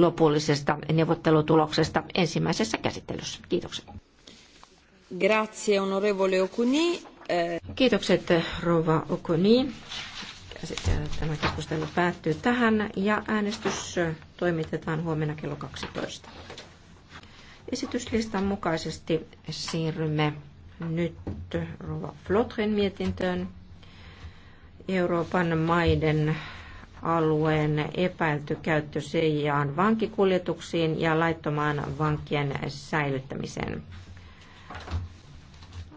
lopullisesta neuvottelutuloksesta ensimmäisessä käsittelyssä. Kiitokset. Grazie, onorevole Okuni. Kiitokset, rouva Okuni. Tämä keskustelu päättyy tähän ja äänestys toimitetaan huomenna kello 12. Esityslistan mukaisesti siirrymme nyt rova Flotren mietintöön Euroopan maiden alueen epäilty käyttö CIAan vankikuljetuksiin ja laittomaan vankien säilyttämiseen.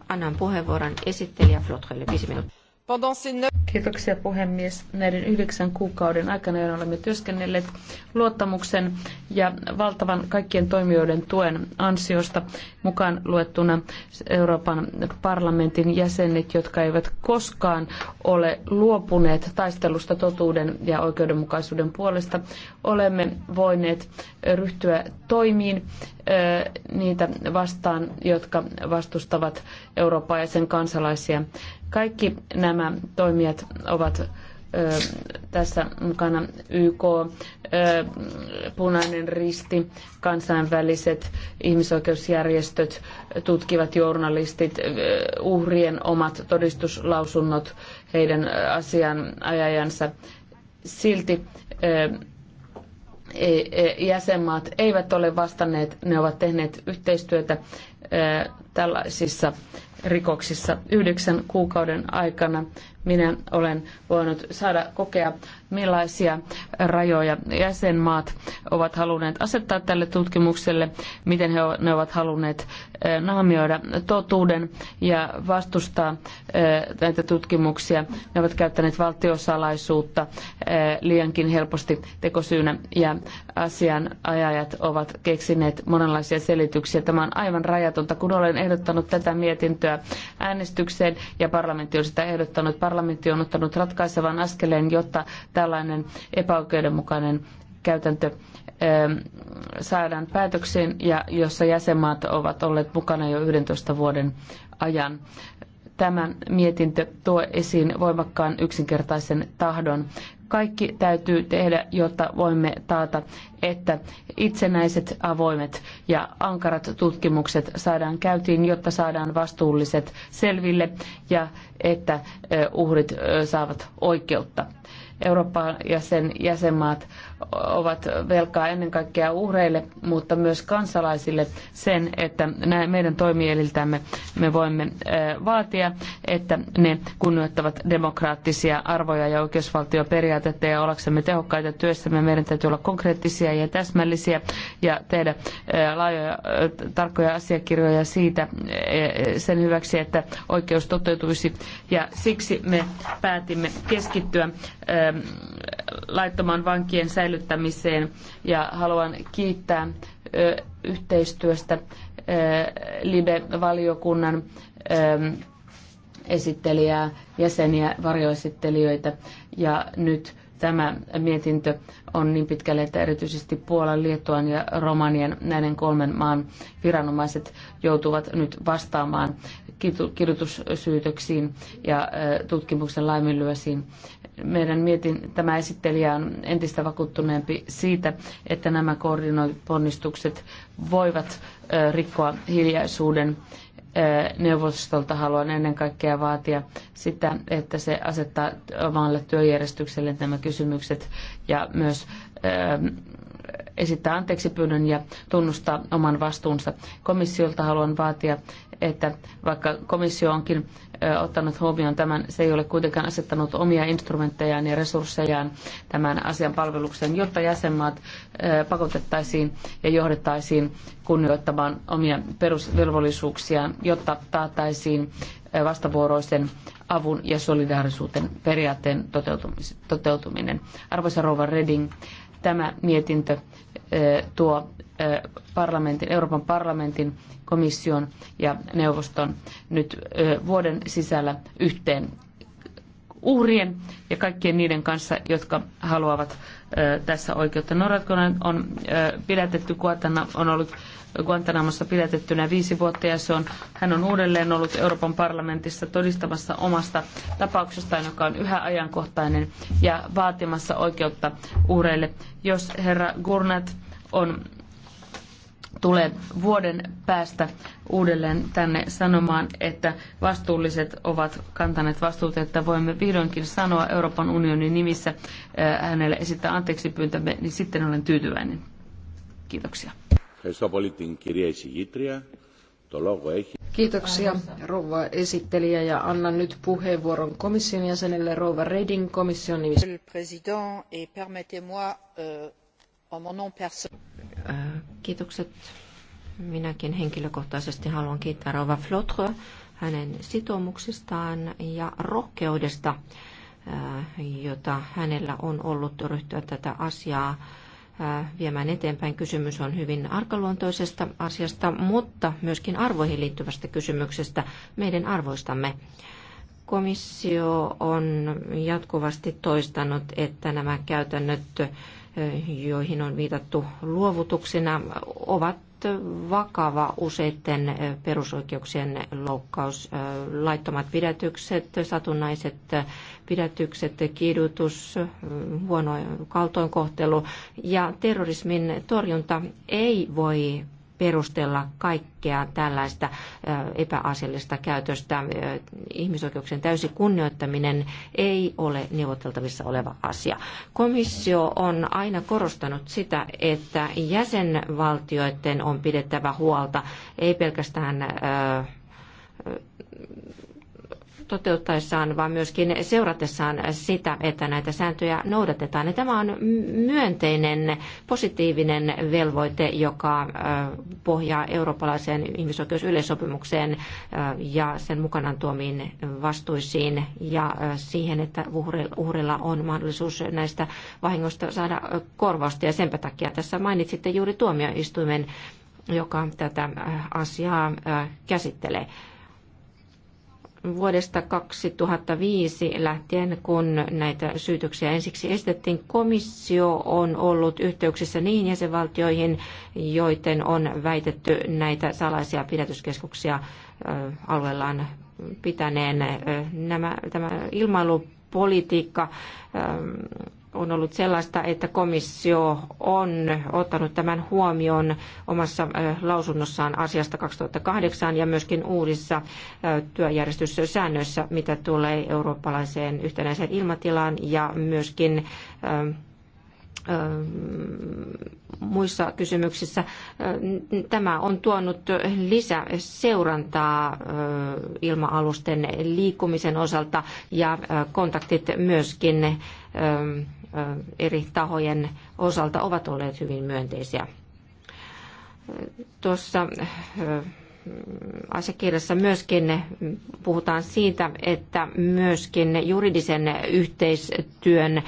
Annan puheenvuoron esittelijä Flotrelle. Viisi minuuttia. Kiitoksia puhemies. Näiden yhdeksän kuukauden aikana, olemme työskennelleet luottamuksen ja valtavan kaikkien toimijoiden tuen ansiosta, mukaan luettuna Euroopan parlamentin jäsenet, jotka eivät koskaan ole luopuneet taistelusta totuuden ja oikeudenmukaisuuden puolesta, olemme voineet ryhtyä toimiin niitä vastaan, jotka vastustavat Eurooppaa ja sen kansalaisia. Kaikki nämä toimijat ovat tässä mukana YK, Punainen Risti, kansainväliset ihmisoikeusjärjestöt, tutkivat journalistit, uhrien omat todistuslausunnot, heidän asianajajansa. Silti e, e, jäsenmaat eivät ole vastanneet, ne ovat tehneet yhteistyötä tällaisissa rikoksissa. Yhdeksän kuukauden aikana minä olen voinut saada kokea, millaisia rajoja jäsenmaat ovat halunneet asettaa tälle tutkimukselle, miten he, ne ovat halunneet naamioida totuuden ja vastustaa näitä tutkimuksia. Ne ovat käyttäneet valtiosalaisuutta liiankin helposti tekosyynä ja asianajajat ovat keksineet monenlaisia selityksiä. Tämä on aivan rajatonta. Kun olen ehdottanut tätä mietintöä, hyväksyä äänestykseen ja parlamentti on sitä ehdottanut. Parlamentti on ottanut ratkaisevan askeleen, jotta tällainen epäoikeudenmukainen käytäntö ähm, saadaan päätöksiin ja jossa jäsenmaat ovat olleet mukana jo 11 vuoden ajan. Tämä mietintö tuo esiin voimakkaan yksinkertaisen tahdon kaikki täytyy tehdä, jotta voimme taata, että itsenäiset, avoimet ja ankarat tutkimukset saadaan käytiin, jotta saadaan vastuulliset selville ja että uhrit saavat oikeutta. Eurooppa ja sen jäsenmaat ovat velkaa ennen kaikkea uhreille, mutta myös kansalaisille sen, että meidän toimieliltämme me voimme vaatia, että ne kunnioittavat demokraattisia arvoja ja oikeusvaltioperiaatetta ja ollaksemme tehokkaita työssämme meidän täytyy olla konkreettisia ja täsmällisiä ja tehdä laajoja tarkkoja asiakirjoja siitä sen hyväksi, että oikeus toteutuisi ja siksi me päätimme keskittyä laittoman vankien säilyttämiseen ja haluan kiittää yhteistyöstä Libe-valiokunnan esittelijää, jäseniä, varjoesittelijöitä ja nyt tämä mietintö on niin pitkälle, että erityisesti Puolan, Liettuan ja Romanian näiden kolmen maan viranomaiset joutuvat nyt vastaamaan kirjoitussyytöksiin ja tutkimuksen laiminlyösiin. Meidän mietin, tämä esittelijä on entistä vakuuttuneempi siitä, että nämä koordinoiponnistukset voivat rikkoa hiljaisuuden neuvostolta haluan ennen kaikkea vaatia sitä, että se asettaa omalle työjärjestykselle nämä kysymykset ja myös esittää anteeksi pyynnön ja tunnustaa oman vastuunsa. Komissiolta haluan vaatia että vaikka komissio onkin ottanut huomioon tämän, se ei ole kuitenkaan asettanut omia instrumenttejaan ja resurssejaan tämän asian palvelukseen, jotta jäsenmaat pakotettaisiin ja johdettaisiin kunnioittamaan omia perusvelvollisuuksiaan, jotta taattaisiin vastavuoroisen avun ja solidaarisuuden periaatteen toteutuminen. Arvoisa rouva Reding, tämä mietintö tuo parlamentin, Euroopan parlamentin, komission ja neuvoston nyt vuoden sisällä yhteen uhrien ja kaikkien niiden kanssa, jotka haluavat tässä oikeutta. Noratkonen on pidätetty, Kuatana on ollut Guantanamossa pidätettynä viisi vuotta ja se on, hän on uudelleen ollut Euroopan parlamentissa todistamassa omasta tapauksestaan, joka on yhä ajankohtainen ja vaatimassa oikeutta uhreille. Jos herra Gurnat on tulee vuoden päästä uudelleen tänne sanomaan, että vastuulliset ovat kantaneet vastuuta, että voimme vihdoinkin sanoa Euroopan unionin nimissä äh, hänelle esittää anteeksi pyyntämme, niin sitten olen tyytyväinen. Kiitoksia. Kiitoksia rouva esittelijä ja annan nyt puheenvuoron komission jäsenelle rouva Reding komission nimissä. Euh, äh, kiitokset. Minäkin henkilökohtaisesti haluan kiittää Rova Flotre hänen sitoumuksistaan ja rohkeudesta, äh, jota hänellä on ollut ryhtyä tätä asiaa viemään eteenpäin. Kysymys on hyvin arkaluontoisesta asiasta, mutta myöskin arvoihin liittyvästä kysymyksestä, meidän arvoistamme. Komissio on jatkuvasti toistanut, että nämä käytännöt, joihin on viitattu luovutuksina, ovat vakava useiden perusoikeuksien loukkaus. Laittomat pidätykset, satunnaiset pidätykset, kidutus, huono kaltoinkohtelu ja terrorismin torjunta ei voi perustella kaikkea tällaista epäasiallista käytöstä. Ihmisoikeuksien täysi kunnioittaminen ei ole neuvoteltavissa oleva asia. Komissio on aina korostanut sitä, että jäsenvaltioiden on pidettävä huolta ei pelkästään toteuttaessaan, vaan myöskin seuratessaan sitä, että näitä sääntöjä noudatetaan. Ja tämä on myönteinen, positiivinen velvoite, joka pohjaa eurooppalaiseen ihmisoikeusyleissopimukseen ja sen mukanaan tuomiin vastuisiin ja siihen, että uhrilla on mahdollisuus näistä vahingoista saada korvausta. Ja senpä takia tässä mainitsitte juuri tuomioistuimen joka tätä asiaa käsittelee vuodesta 2005 lähtien, kun näitä syytöksiä ensiksi esitettiin, komissio on ollut yhteyksissä niihin jäsenvaltioihin, joiden on väitetty näitä salaisia pidätyskeskuksia alueellaan pitäneen. Nämä, tämä ilmailupolitiikka on ollut sellaista, että komissio on ottanut tämän huomioon omassa lausunnossaan asiasta 2008 ja myöskin uudissa työjärjestyssäännöissä, mitä tulee eurooppalaiseen yhtenäiseen ilmatilaan ja myöskin muissa kysymyksissä. Tämä on tuonut lisäseurantaa ilma-alusten liikkumisen osalta ja kontaktit myöskin eri tahojen osalta ovat olleet hyvin myönteisiä. Tuossa asiakirjassa myöskin puhutaan siitä, että myöskin juridisen yhteistyön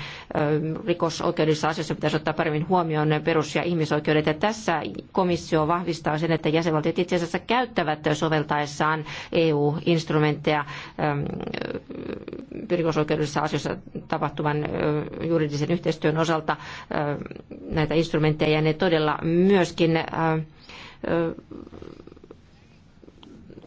rikosoikeudessa asioissa pitäisi ottaa paremmin huomioon perus- ja ihmisoikeudet. Ja tässä komissio vahvistaa sen, että jäsenvaltiot itse asiassa käyttävät soveltaessaan EU-instrumentteja rikosoikeudellisissa asioissa tapahtuvan juridisen yhteistyön osalta näitä instrumentteja ja ne todella myöskin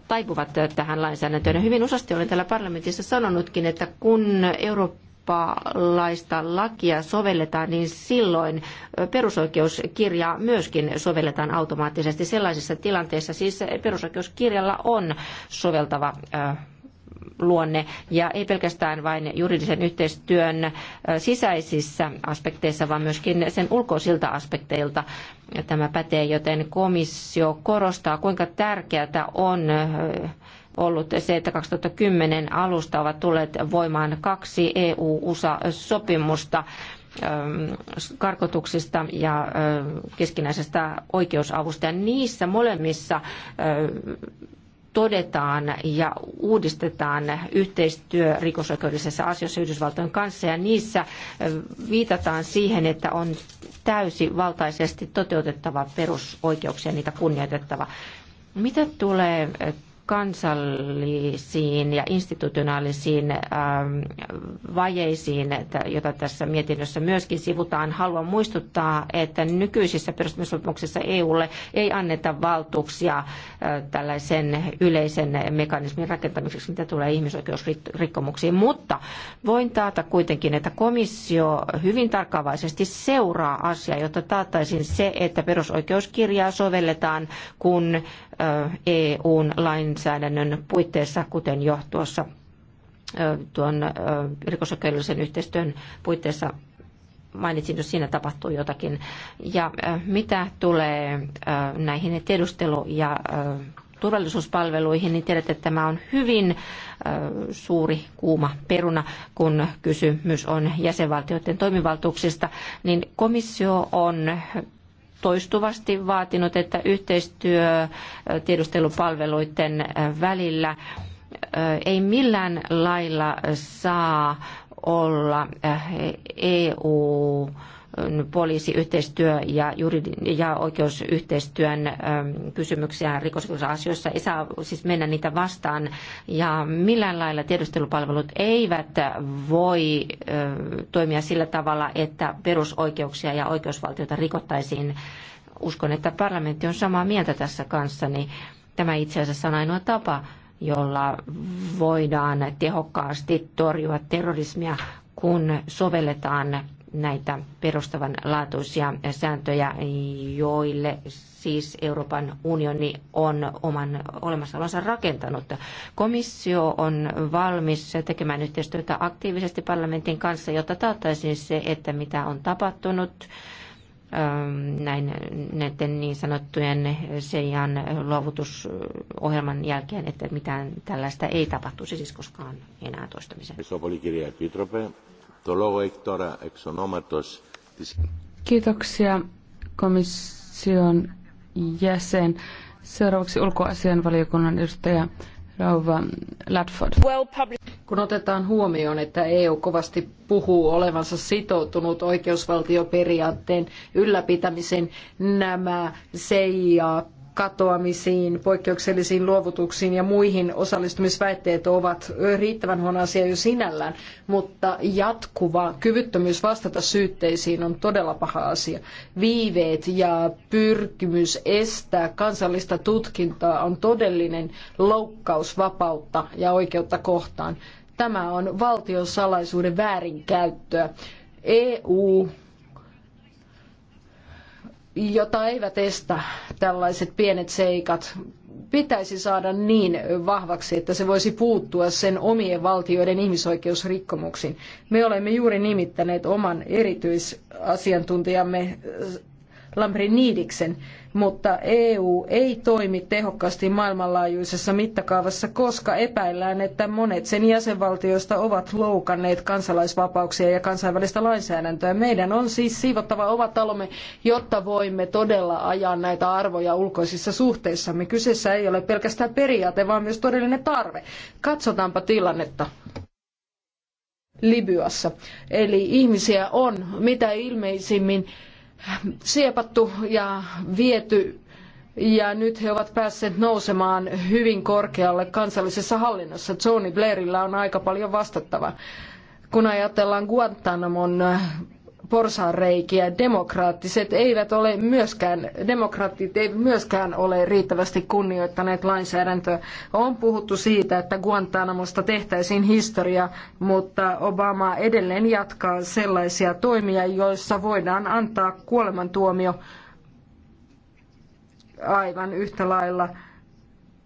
taipuvat tähän lainsäädäntöön. Ja hyvin useasti olen täällä parlamentissa sanonutkin, että kun Eurooppa eurooppalaista lakia sovelletaan, niin silloin perusoikeuskirjaa myöskin sovelletaan automaattisesti. Sellaisissa tilanteissa siis perusoikeuskirjalla on soveltava äh, luonne ja ei pelkästään vain juridisen yhteistyön sisäisissä aspekteissa, vaan myöskin sen ulkoisilta aspekteilta tämä pätee, joten komissio korostaa, kuinka tärkeää on ollut se, että 2010 alusta ovat tulleet voimaan kaksi EU-USA-sopimusta karkotuksista ja keskinäisestä oikeusavusta. Ja niissä molemmissa todetaan ja uudistetaan yhteistyö rikosoikeudellisessa asioissa Yhdysvaltojen kanssa ja niissä viitataan siihen, että on täysivaltaisesti toteutettava perusoikeuksia niitä kunnioitettava. Mitä tulee kansallisiin ja institutionaalisiin ähm, vajeisiin, jota tässä mietinnössä myöskin sivutaan. Haluan muistuttaa, että nykyisissä perustamissopimuksissa EUlle ei anneta valtuuksia äh, tällaisen yleisen mekanismin rakentamiseksi, mitä tulee ihmisoikeusrikkomuksiin, mutta voin taata kuitenkin, että komissio hyvin tarkkaavaisesti seuraa asiaa, jotta taattaisiin se, että perusoikeuskirjaa sovelletaan, kun äh, EUn lain lainsäädännön puitteissa, kuten jo tuossa tuon rikosoikeudellisen yhteistyön puitteissa mainitsin, jos siinä tapahtuu jotakin. Ja mitä tulee näihin tiedustelu- ja turvallisuuspalveluihin, niin tiedät, että tämä on hyvin suuri kuuma peruna, kun kysymys on jäsenvaltioiden toimivaltuuksista, niin komissio on toistuvasti vaatinut, että yhteistyö tiedustelupalveluiden välillä ei millään lailla saa olla EU poliisiyhteistyö ja, juridin, ja oikeusyhteistyön kysymyksiä rikosasioissa ei saa siis mennä niitä vastaan. Ja millään lailla tiedustelupalvelut eivät voi toimia sillä tavalla, että perusoikeuksia ja oikeusvaltiota rikottaisiin. Uskon, että parlamentti on samaa mieltä tässä kanssani. Tämä itse asiassa on ainoa tapa, jolla voidaan tehokkaasti torjua terrorismia, kun sovelletaan näitä perustavanlaatuisia sääntöjä, joille siis Euroopan unioni on oman olemassaolonsa rakentanut. Komissio on valmis tekemään yhteistyötä aktiivisesti parlamentin kanssa, jotta taattaisiin se, että mitä on tapahtunut ähm, näin näiden niin sanottujen Seijan luovutusohjelman jälkeen, että mitään tällaista ei tapahtuisi siis koskaan enää toistamiseen. Kiitoksia komission jäsen. Seuraavaksi ulkoasian valiokunnan edustaja Rauva Ladford. Kun otetaan huomioon, että EU kovasti puhuu olevansa sitoutunut oikeusvaltioperiaatteen ylläpitämisen, nämä CIA katoamisiin, poikkeuksellisiin luovutuksiin ja muihin osallistumisväitteet ovat riittävän huono asia jo sinällään, mutta jatkuva kyvyttömyys vastata syytteisiin on todella paha asia. Viiveet ja pyrkimys estää kansallista tutkintaa on todellinen loukkaus vapautta ja oikeutta kohtaan. Tämä on valtion salaisuuden väärinkäyttöä. EU jota eivät estä tällaiset pienet seikat, pitäisi saada niin vahvaksi, että se voisi puuttua sen omien valtioiden ihmisoikeusrikkomuksiin. Me olemme juuri nimittäneet oman erityisasiantuntijamme Lambrinidiksen, mutta EU ei toimi tehokkaasti maailmanlaajuisessa mittakaavassa, koska epäillään, että monet sen jäsenvaltioista ovat loukanneet kansalaisvapauksia ja kansainvälistä lainsäädäntöä. Meidän on siis siivottava oma talomme, jotta voimme todella ajaa näitä arvoja ulkoisissa suhteissamme. Kyseessä ei ole pelkästään periaate, vaan myös todellinen tarve. Katsotaanpa tilannetta. Libyassa. Eli ihmisiä on mitä ilmeisimmin siepattu ja viety ja nyt he ovat päässeet nousemaan hyvin korkealle kansallisessa hallinnossa. Tony Blairilla on aika paljon vastattavaa kun ajatellaan Guantanamon porsaanreikiä. Demokraattiset eivät ole myöskään, demokraattit, eivät myöskään ole riittävästi kunnioittaneet lainsäädäntöä. On puhuttu siitä, että Guantanamosta tehtäisiin historia, mutta Obama edelleen jatkaa sellaisia toimia, joissa voidaan antaa kuolemantuomio aivan yhtä lailla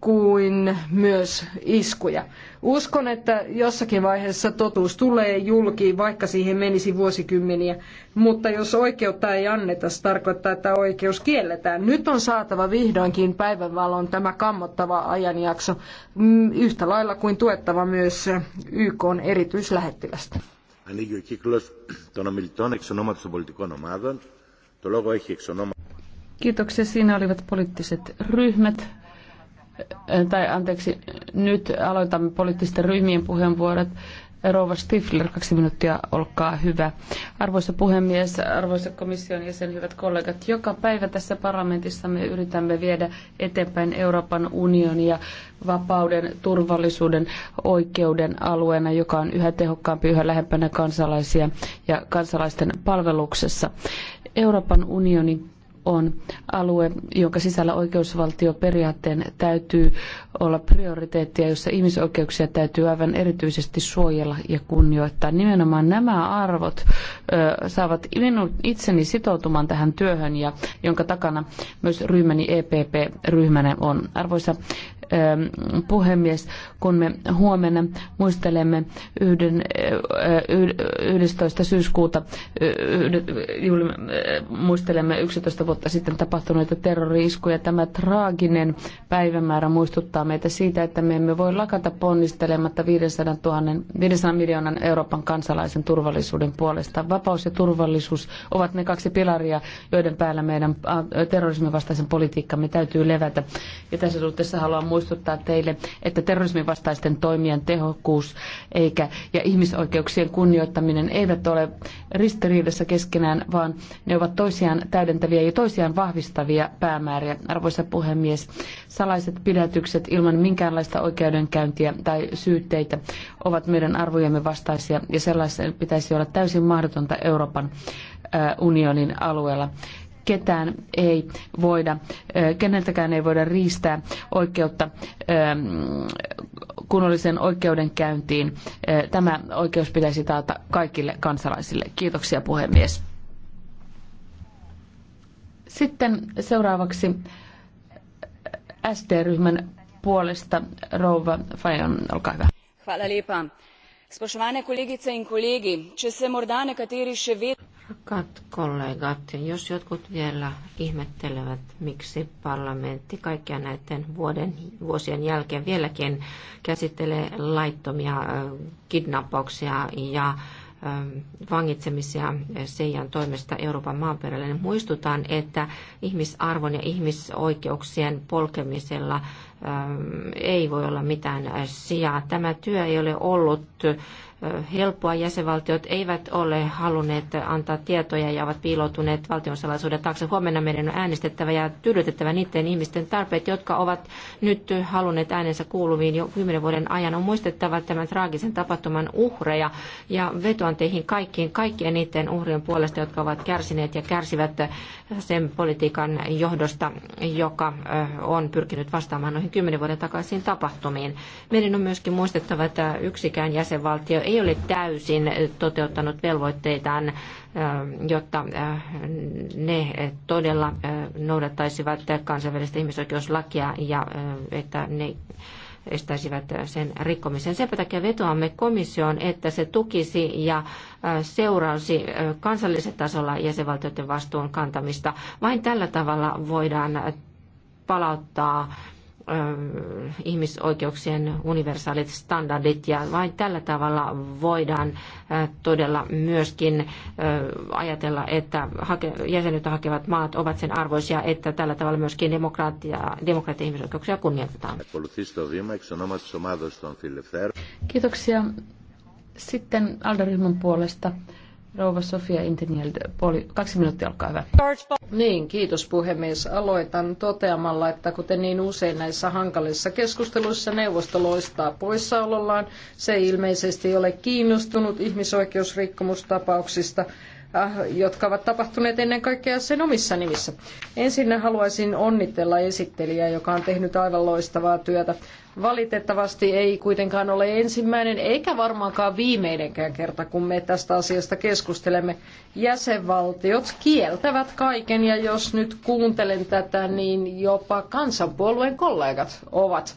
kuin myös iskuja. Uskon, että jossakin vaiheessa totuus tulee julki, vaikka siihen menisi vuosikymmeniä. Mutta jos oikeutta ei anneta, se tarkoittaa, että oikeus kielletään. Nyt on saatava vihdoinkin päivänvalon tämä kammottava ajanjakso, mm, yhtä lailla kuin tuettava myös YK on erityislähettilästä. Kiitoksia. Siinä olivat poliittiset ryhmät tai anteeksi, nyt aloitamme poliittisten ryhmien puheenvuorot. Rouva Stifler, kaksi minuuttia, olkaa hyvä. Arvoisa puhemies, arvoisa komission jäsen, hyvät kollegat, joka päivä tässä parlamentissa me yritämme viedä eteenpäin Euroopan unionia vapauden, turvallisuuden, oikeuden alueena, joka on yhä tehokkaampi, yhä lähempänä kansalaisia ja kansalaisten palveluksessa. Euroopan unionin on alue, jonka sisällä oikeusvaltioperiaatteen täytyy olla prioriteettia, jossa ihmisoikeuksia täytyy aivan erityisesti suojella ja kunnioittaa. Nimenomaan nämä arvot ö, saavat minun itseni sitoutumaan tähän työhön, ja jonka takana myös ryhmäni EPP-ryhmänä on. Arvoisa Ähm, puhemies, kun me huomenna muistelemme yhden, 11. Äh, syyskuuta, äh, muistelemme 11 vuotta sitten tapahtuneita terrori-iskuja. Tämä traaginen päivämäärä muistuttaa meitä siitä, että me emme voi lakata ponnistelematta 500, 000, 500 miljoonan Euroopan kansalaisen turvallisuuden puolesta. Vapaus ja turvallisuus ovat ne kaksi pilaria, joiden päällä meidän äh, terrorismin vastaisen politiikkamme täytyy levätä. Ja tässä suhteessa haluan muistuttaa, muistuttaa teille, että terrorismin vastaisten toimien tehokkuus eikä, ja ihmisoikeuksien kunnioittaminen eivät ole ristiriidassa keskenään, vaan ne ovat toisiaan täydentäviä ja toisiaan vahvistavia päämääriä. Arvoisa puhemies, salaiset pidätykset ilman minkäänlaista oikeudenkäyntiä tai syytteitä ovat meidän arvojemme vastaisia ja sellaisen pitäisi olla täysin mahdotonta Euroopan unionin alueella ketään ei voida, keneltäkään ei voida riistää oikeutta kunnolliseen oikeudenkäyntiin. Tämä oikeus pitäisi taata kaikille kansalaisille. Kiitoksia puhemies. Sitten seuraavaksi SD-ryhmän puolesta rouva Fajon, olkaa hyvä. Hvala Spoštovane kolegice in kolegi, če se morda nekateri še vedno... jos jotkut vielä ihmettelevät, miksi parlamentti näiden vuoden, vuosien jälkeen vieläkin käsittelee laittomia ja Ähm, vangitsemisia äh, Seijan toimesta Euroopan maaperälle. niin muistutan, että ihmisarvon ja ihmisoikeuksien polkemisella ähm, ei voi olla mitään sijaa. Tämä työ ei ole ollut helppoa. Jäsenvaltiot eivät ole halunneet antaa tietoja ja ovat piiloutuneet valtionsalaisuuden taakse. Huomenna meidän on äänestettävä ja tyydytettävä niiden ihmisten tarpeet, jotka ovat nyt halunneet äänensä kuuluviin jo kymmenen vuoden ajan. On muistettava tämän traagisen tapahtuman uhreja ja vetoan teihin kaikkiin, kaikkien niiden uhrien puolesta, jotka ovat kärsineet ja kärsivät sen politiikan johdosta, joka on pyrkinyt vastaamaan noihin kymmenen vuoden takaisiin tapahtumiin. Meidän on myöskin muistettava, että yksikään jäsenvaltio ei ole täysin toteuttanut velvoitteitaan, jotta ne todella noudattaisivat kansainvälistä ihmisoikeuslakia ja että ne estäisivät sen rikkomisen. Sen takia vetoamme komissioon, että se tukisi ja seurausi kansallisen tasolla jäsenvaltioiden vastuun kantamista. Vain tällä tavalla voidaan palauttaa Äh, ihmisoikeuksien universaalit standardit ja vain tällä tavalla voidaan äh, todella myöskin äh, ajatella, että jäsenyyttä hakevat maat ovat sen arvoisia, että tällä tavalla myöskin demokratia, demokratia ihmisoikeuksia kunnioitetaan. Kiitoksia. Sitten aldo puolesta Rouva Sofia Internield, poli- kaksi minuuttia, olkaa hyvä. Niin, kiitos puhemies. Aloitan toteamalla, että kuten niin usein näissä hankalissa keskusteluissa neuvosto loistaa poissaolollaan. Se ilmeisesti ole kiinnostunut ihmisoikeusrikkomustapauksista Äh, jotka ovat tapahtuneet ennen kaikkea sen omissa nimissä. Ensin haluaisin onnitella esittelijää, joka on tehnyt aivan loistavaa työtä. Valitettavasti ei kuitenkaan ole ensimmäinen eikä varmaankaan viimeinenkään kerta, kun me tästä asiasta keskustelemme. Jäsenvaltiot kieltävät kaiken ja jos nyt kuuntelen tätä, niin jopa kansanpuolueen kollegat ovat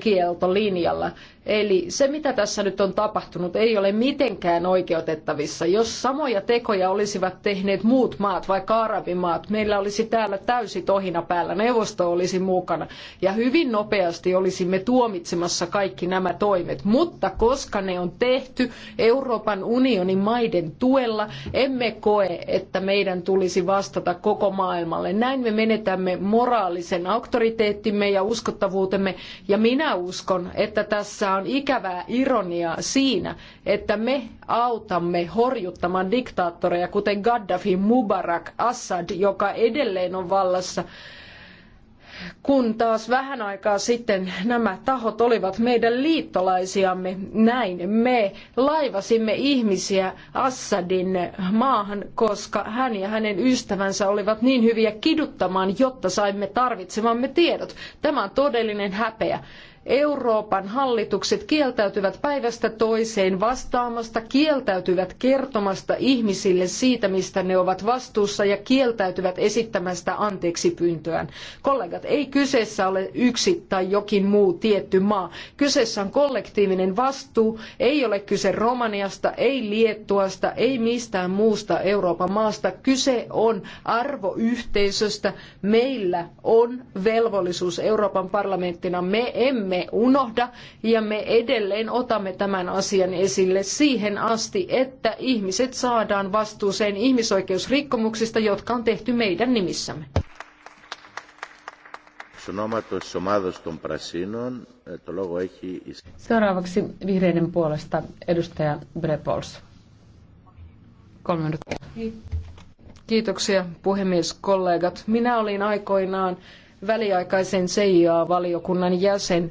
kieltolinjalla. Eli se, mitä tässä nyt on tapahtunut, ei ole mitenkään oikeutettavissa. Jos samoja tekoja olisivat tehneet muut maat, vaikka arabimaat, meillä olisi täällä täysi tohina päällä, neuvosto olisi mukana. Ja hyvin nopeasti olisimme tuomitsemassa kaikki nämä toimet. Mutta koska ne on tehty Euroopan unionin maiden tuella, emme koe, että meidän tulisi vastata koko maailmalle. Näin me menetämme moraalisen auktoriteettimme ja uskottavuutemme. Ja minä uskon, että tässä on ikävää ironiaa siinä, että me autamme horjuttamaan diktaattoreja, kuten Gaddafi, Mubarak, Assad, joka edelleen on vallassa, kun taas vähän aikaa sitten nämä tahot olivat meidän liittolaisiamme. Näin me laivasimme ihmisiä Assadin maahan, koska hän ja hänen ystävänsä olivat niin hyviä kiduttamaan, jotta saimme tarvitsemamme tiedot. Tämä on todellinen häpeä. Euroopan hallitukset kieltäytyvät päivästä toiseen vastaamasta, kieltäytyvät kertomasta ihmisille siitä, mistä ne ovat vastuussa ja kieltäytyvät esittämästä anteeksi pyyntöään. Kollegat, ei kyseessä ole yksi tai jokin muu tietty maa. Kyseessä on kollektiivinen vastuu. Ei ole kyse Romaniasta, ei Liettuasta, ei mistään muusta Euroopan maasta. Kyse on arvoyhteisöstä. Meillä on velvollisuus Euroopan parlamenttina. Me emme me unohda ja me edelleen otamme tämän asian esille siihen asti, että ihmiset saadaan vastuuseen ihmisoikeusrikkomuksista, jotka on tehty meidän nimissämme. Seuraavaksi vihreiden puolesta edustaja Brepols. Kolme minuuttia. Kiitoksia puhemies, kollegat. Minä olin aikoinaan väliaikaisen CIA-valiokunnan jäsen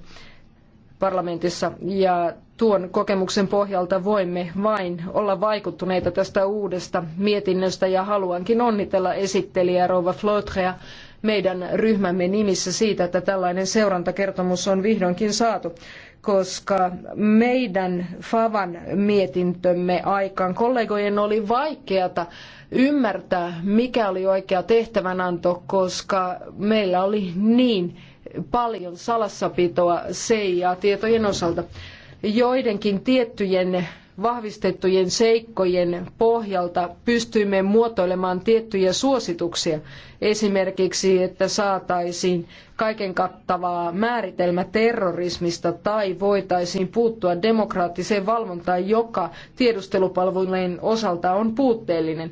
parlamentissa ja tuon kokemuksen pohjalta voimme vain olla vaikuttuneita tästä uudesta mietinnöstä ja haluankin onnitella esittelijä Rova Flotrea meidän ryhmämme nimissä siitä, että tällainen seurantakertomus on vihdoinkin saatu koska meidän Favan mietintömme aikaan kollegojen oli vaikeata ymmärtää, mikä oli oikea tehtävänanto, koska meillä oli niin paljon salassapitoa CIA-tietojen osalta. Joidenkin tiettyjen vahvistettujen seikkojen pohjalta pystyimme muotoilemaan tiettyjä suosituksia. Esimerkiksi, että saataisiin kaiken kattavaa määritelmä terrorismista tai voitaisiin puuttua demokraattiseen valvontaan, joka tiedustelupalvelujen osalta on puutteellinen.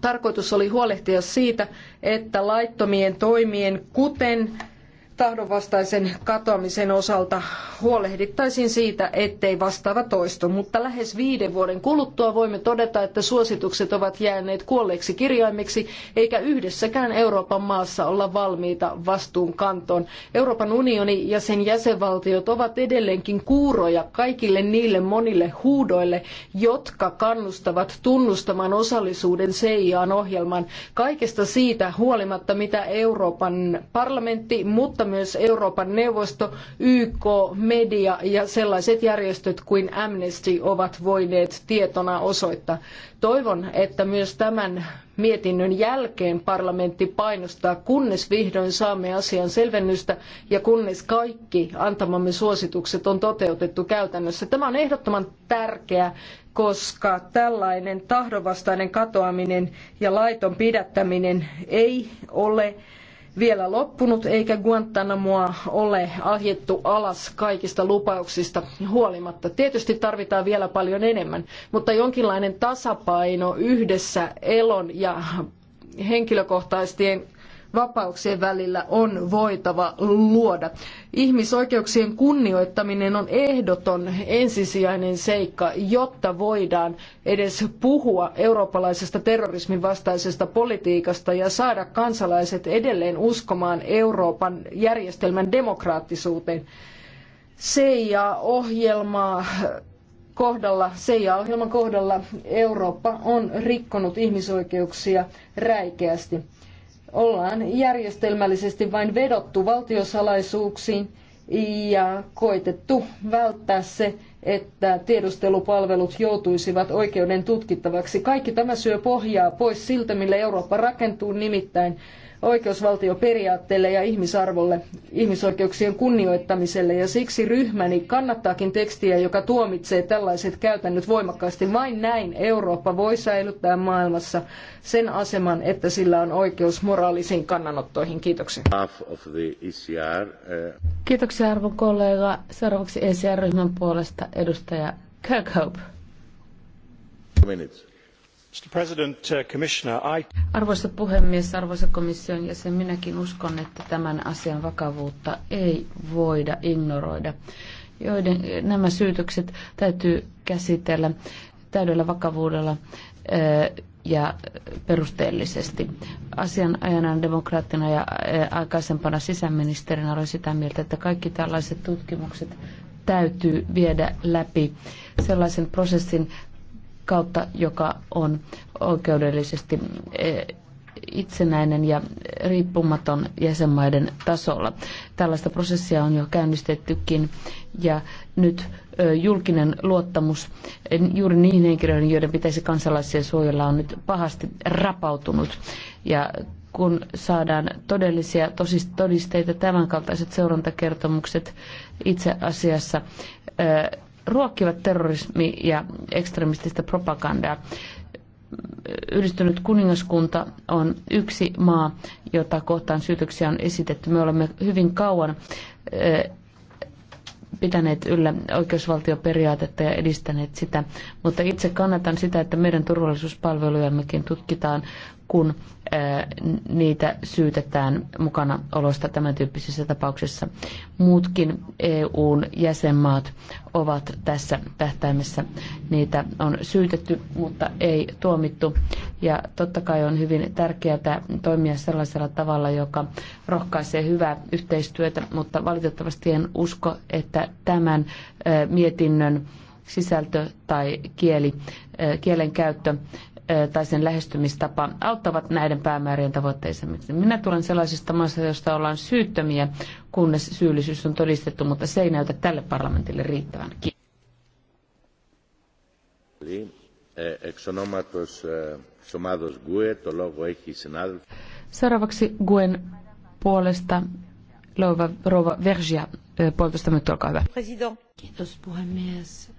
Tarkoitus oli huolehtia siitä, että laittomien toimien, kuten tahdonvastaisen katoamisen osalta huolehdittaisiin siitä, ettei vastaava toistu, mutta lähes viiden vuoden kuluttua voimme todeta, että suositukset ovat jääneet kuolleiksi kirjaimiksi, eikä yhdessäkään Euroopan maassa olla valmiita vastuunkantoon. Euroopan unioni ja sen jäsenvaltiot ovat edelleenkin kuuroja kaikille niille monille huudoille, jotka kannustavat tunnustamaan osallisuuden CIAn ohjelman kaikesta siitä huolimatta, mitä Euroopan parlamentti, mutta myös Euroopan neuvosto, YK, media ja sellaiset järjestöt kuin Amnesty ovat voineet tietona osoittaa. Toivon, että myös tämän mietinnön jälkeen parlamentti painostaa, kunnes vihdoin saamme asian selvennystä ja kunnes kaikki antamamme suositukset on toteutettu käytännössä. Tämä on ehdottoman tärkeä koska tällainen tahdonvastainen katoaminen ja laiton pidättäminen ei ole vielä loppunut, eikä Guantanamoa ole ahjettu alas kaikista lupauksista huolimatta. Tietysti tarvitaan vielä paljon enemmän, mutta jonkinlainen tasapaino yhdessä elon ja henkilökohtaisten vapauksien välillä on voitava luoda. Ihmisoikeuksien kunnioittaminen on ehdoton ensisijainen seikka, jotta voidaan edes puhua eurooppalaisesta terrorismin vastaisesta politiikasta ja saada kansalaiset edelleen uskomaan Euroopan järjestelmän demokraattisuuteen. cia ohjelma kohdalla, CIA-ohjelman kohdalla Eurooppa on rikkonut ihmisoikeuksia räikeästi ollaan järjestelmällisesti vain vedottu valtiosalaisuuksiin ja koitettu välttää se, että tiedustelupalvelut joutuisivat oikeuden tutkittavaksi. Kaikki tämä syö pohjaa pois siltä, mille Eurooppa rakentuu nimittäin oikeusvaltioperiaatteelle ja ihmisarvolle, ihmisoikeuksien kunnioittamiselle ja siksi ryhmäni kannattaakin tekstiä, joka tuomitsee tällaiset käytännöt voimakkaasti. Vain näin Eurooppa voi säilyttää maailmassa sen aseman, että sillä on oikeus moraalisiin kannanottoihin. Kiitoksia. E eh, Kiitoksia arvon kollega. Seuraavaksi ECR-ryhmän puolesta edustaja Kirkhope. Minutes. Uh, arvoisa puhemies, arvoisa komission jäsen, minäkin uskon, että tämän asian vakavuutta ei voida ignoroida. Joiden, nämä syytökset täytyy käsitellä täydellä vakavuudella eh, ja perusteellisesti. Asianajana demokraattina ja eh, aikaisempana sisäministerinä olen sitä mieltä, että kaikki tällaiset tutkimukset täytyy viedä läpi sellaisen prosessin kautta, joka on oikeudellisesti e, itsenäinen ja riippumaton jäsenmaiden tasolla. Tällaista prosessia on jo käynnistettykin ja nyt e, julkinen luottamus juuri niihin henkilöihin, joiden pitäisi kansalaisia suojella, on nyt pahasti rapautunut. Ja kun saadaan todellisia todisteita, tämänkaltaiset seurantakertomukset itse asiassa e, ruokkivat terrorismi- ja ekstremististä propagandaa. Yhdistynyt kuningaskunta on yksi maa, jota kohtaan syytöksiä on esitetty. Me olemme hyvin kauan eh, pitäneet yllä oikeusvaltioperiaatetta ja edistäneet sitä, mutta itse kannatan sitä, että meidän turvallisuuspalvelujammekin tutkitaan kun niitä syytetään mukana olosta tämän tyyppisissä tapauksissa. Muutkin EUn jäsenmaat ovat tässä tähtäimessä. Niitä on syytetty, mutta ei tuomittu. Ja totta kai on hyvin tärkeää toimia sellaisella tavalla, joka rohkaisee hyvää yhteistyötä, mutta valitettavasti en usko, että tämän mietinnön sisältö tai kieli, kielen käyttö tai sen lähestymistapa auttavat näiden päämäärien tavoitteisemmiksi. Minä tulen sellaisesta maasta, josta ollaan syyttömiä, kunnes syyllisyys on todistettu, mutta se ei näytä tälle parlamentille riittävän. Kiitos. E, e, Seuraavaksi Guen puolesta Rova Vergia, e, puolitoista minuuttia, olkaa hyvä. Kiitos puhemies.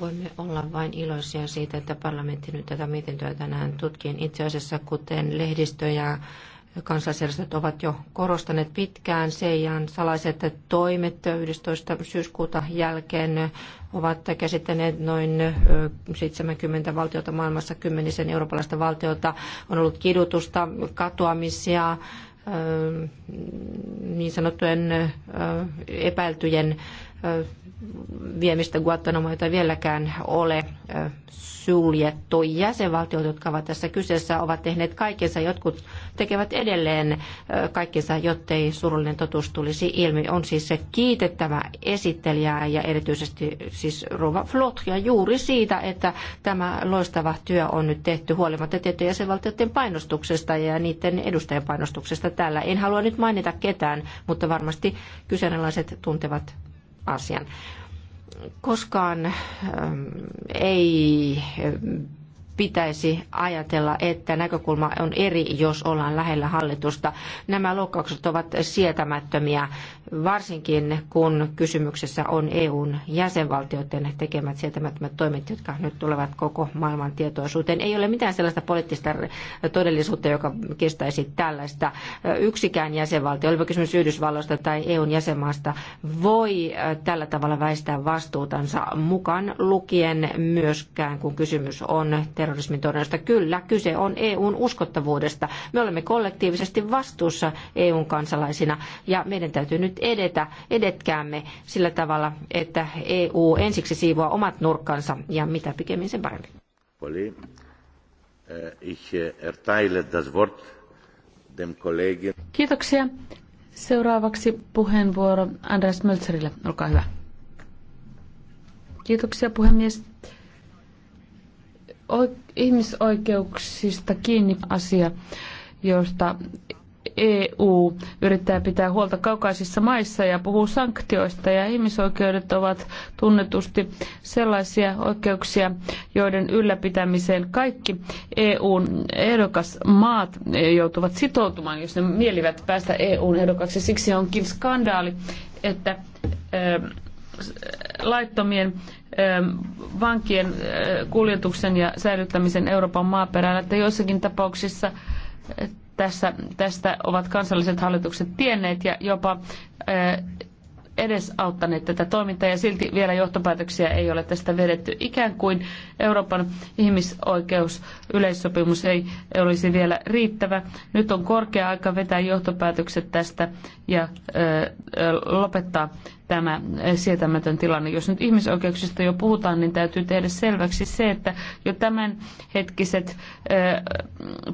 Voimme olla vain iloisia siitä, että parlamentti nyt tätä mietintöä tänään tutkii. Itse asiassa, kuten lehdistö ja kansalaisjärjestöt ovat jo korostaneet pitkään, Seijan salaiset toimet 11. syyskuuta jälkeen ovat käsittäneet noin 70 valtiota maailmassa, kymmenisen eurooppalaista valtiota. On ollut kidutusta, katoamisia, niin sanottujen epäiltyjen viemistä Guantanamoita vieläkään ole suljettu. Jäsenvaltiot, jotka ovat tässä kyseessä, ovat tehneet kaikensa. Jotkut tekevät edelleen kaikensa, jottei surullinen totuus tulisi ilmi. On siis se kiitettävä esittelijää ja erityisesti siis Rova Flothia juuri siitä, että tämä loistava työ on nyt tehty huolimatta tiettyjen jäsenvaltioiden painostuksesta ja niiden edustajien painostuksesta täällä. En halua nyt mainita ketään, mutta varmasti kyseenalaiset tuntevat asian. Koskaan ei pitäisi ajatella, että näkökulma on eri, jos ollaan lähellä hallitusta. Nämä loukkaukset ovat sietämättömiä, varsinkin kun kysymyksessä on EUn jäsenvaltioiden tekemät sietämättömät toimet, jotka nyt tulevat koko maailman tietoisuuteen. Ei ole mitään sellaista poliittista todellisuutta, joka kestäisi tällaista. Yksikään jäsenvaltio, olipa kysymys Yhdysvalloista tai EUn jäsenmaasta, voi äh, tällä tavalla väistää vastuutansa mukaan lukien myöskään, kun kysymys on ter- terrorismin torjunnasta. Kyllä, kyse on EUn uskottavuudesta. Me olemme kollektiivisesti vastuussa EUn kansalaisina ja meidän täytyy nyt edetä, edetkäämme sillä tavalla, että EU ensiksi siivoaa omat nurkkansa ja mitä pikemmin sen parempi. Poli. Eh, ich eh, erteile das Wort dem Kollegen. Kiitoksia. Seuraavaksi puheenvuoro Andreas Mölzerille. Olkaa hyvä. Kiitoksia puhemies ihmisoikeuksista kiinni asia, josta EU yrittää pitää huolta kaukaisissa maissa ja puhuu sanktioista ja ihmisoikeudet ovat tunnetusti sellaisia oikeuksia, joiden ylläpitämiseen kaikki EUn ehdokasmaat joutuvat sitoutumaan, jos ne mielivät päästä EUn ehdokaksi. Siksi onkin skandaali, että laittomien ähm, vankien äh, kuljetuksen ja säilyttämisen Euroopan maaperällä, että joissakin tapauksissa äh, tässä, tästä ovat kansalliset hallitukset tienneet ja jopa äh, edesauttaneet tätä toimintaa ja silti vielä johtopäätöksiä ei ole tästä vedetty. Ikään kuin Euroopan ihmisoikeusyleissopimus ei olisi vielä riittävä. Nyt on korkea aika vetää johtopäätökset tästä ja lopettaa tämä sietämätön tilanne. Jos nyt ihmisoikeuksista jo puhutaan, niin täytyy tehdä selväksi se, että jo tämän hetkiset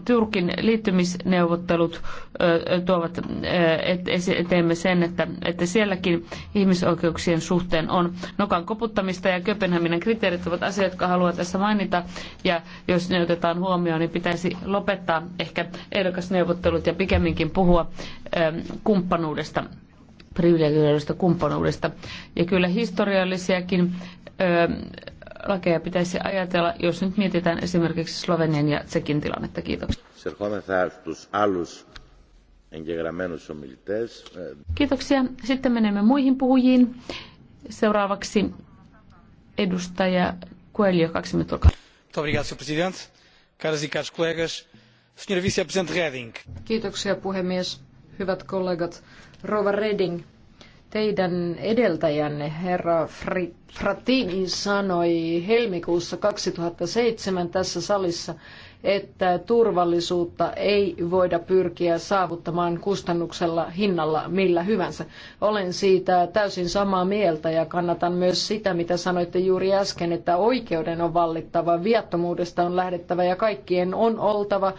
Turkin liittymisneuvottelut tuovat eteemme sen, että, että sielläkin ihmisoikeuksien suhteen on nokan koputtamista ja Köpenhaminan kriteerit ovat asia, jotka haluan tässä mainita ja jos ne otetaan huomioon, niin pitäisi lopettaa ehkä ehdokasneuvottelut ja pikemminkin puhua kumppanuudesta privilegioidusta kumppanuudesta. Ja kyllä historiallisiakin ö, lakeja pitäisi ajatella, jos nyt mietitään esimerkiksi Slovenian ja Tsekin tilannetta. Kiitoksia. Kiitoksia. Sitten menemme muihin puhujiin. Seuraavaksi edustaja Coelho, kaksi minuuttia. E Kiitoksia, puhemies. Hyvät kollegat, Rova Redding, teidän edeltäjänne herra Fratini sanoi helmikuussa 2007 tässä salissa, että turvallisuutta ei voida pyrkiä saavuttamaan kustannuksella hinnalla millä hyvänsä. Olen siitä täysin samaa mieltä ja kannatan myös sitä, mitä sanoitte juuri äsken, että oikeuden on vallittava, viattomuudesta on lähdettävä ja kaikkien on oltava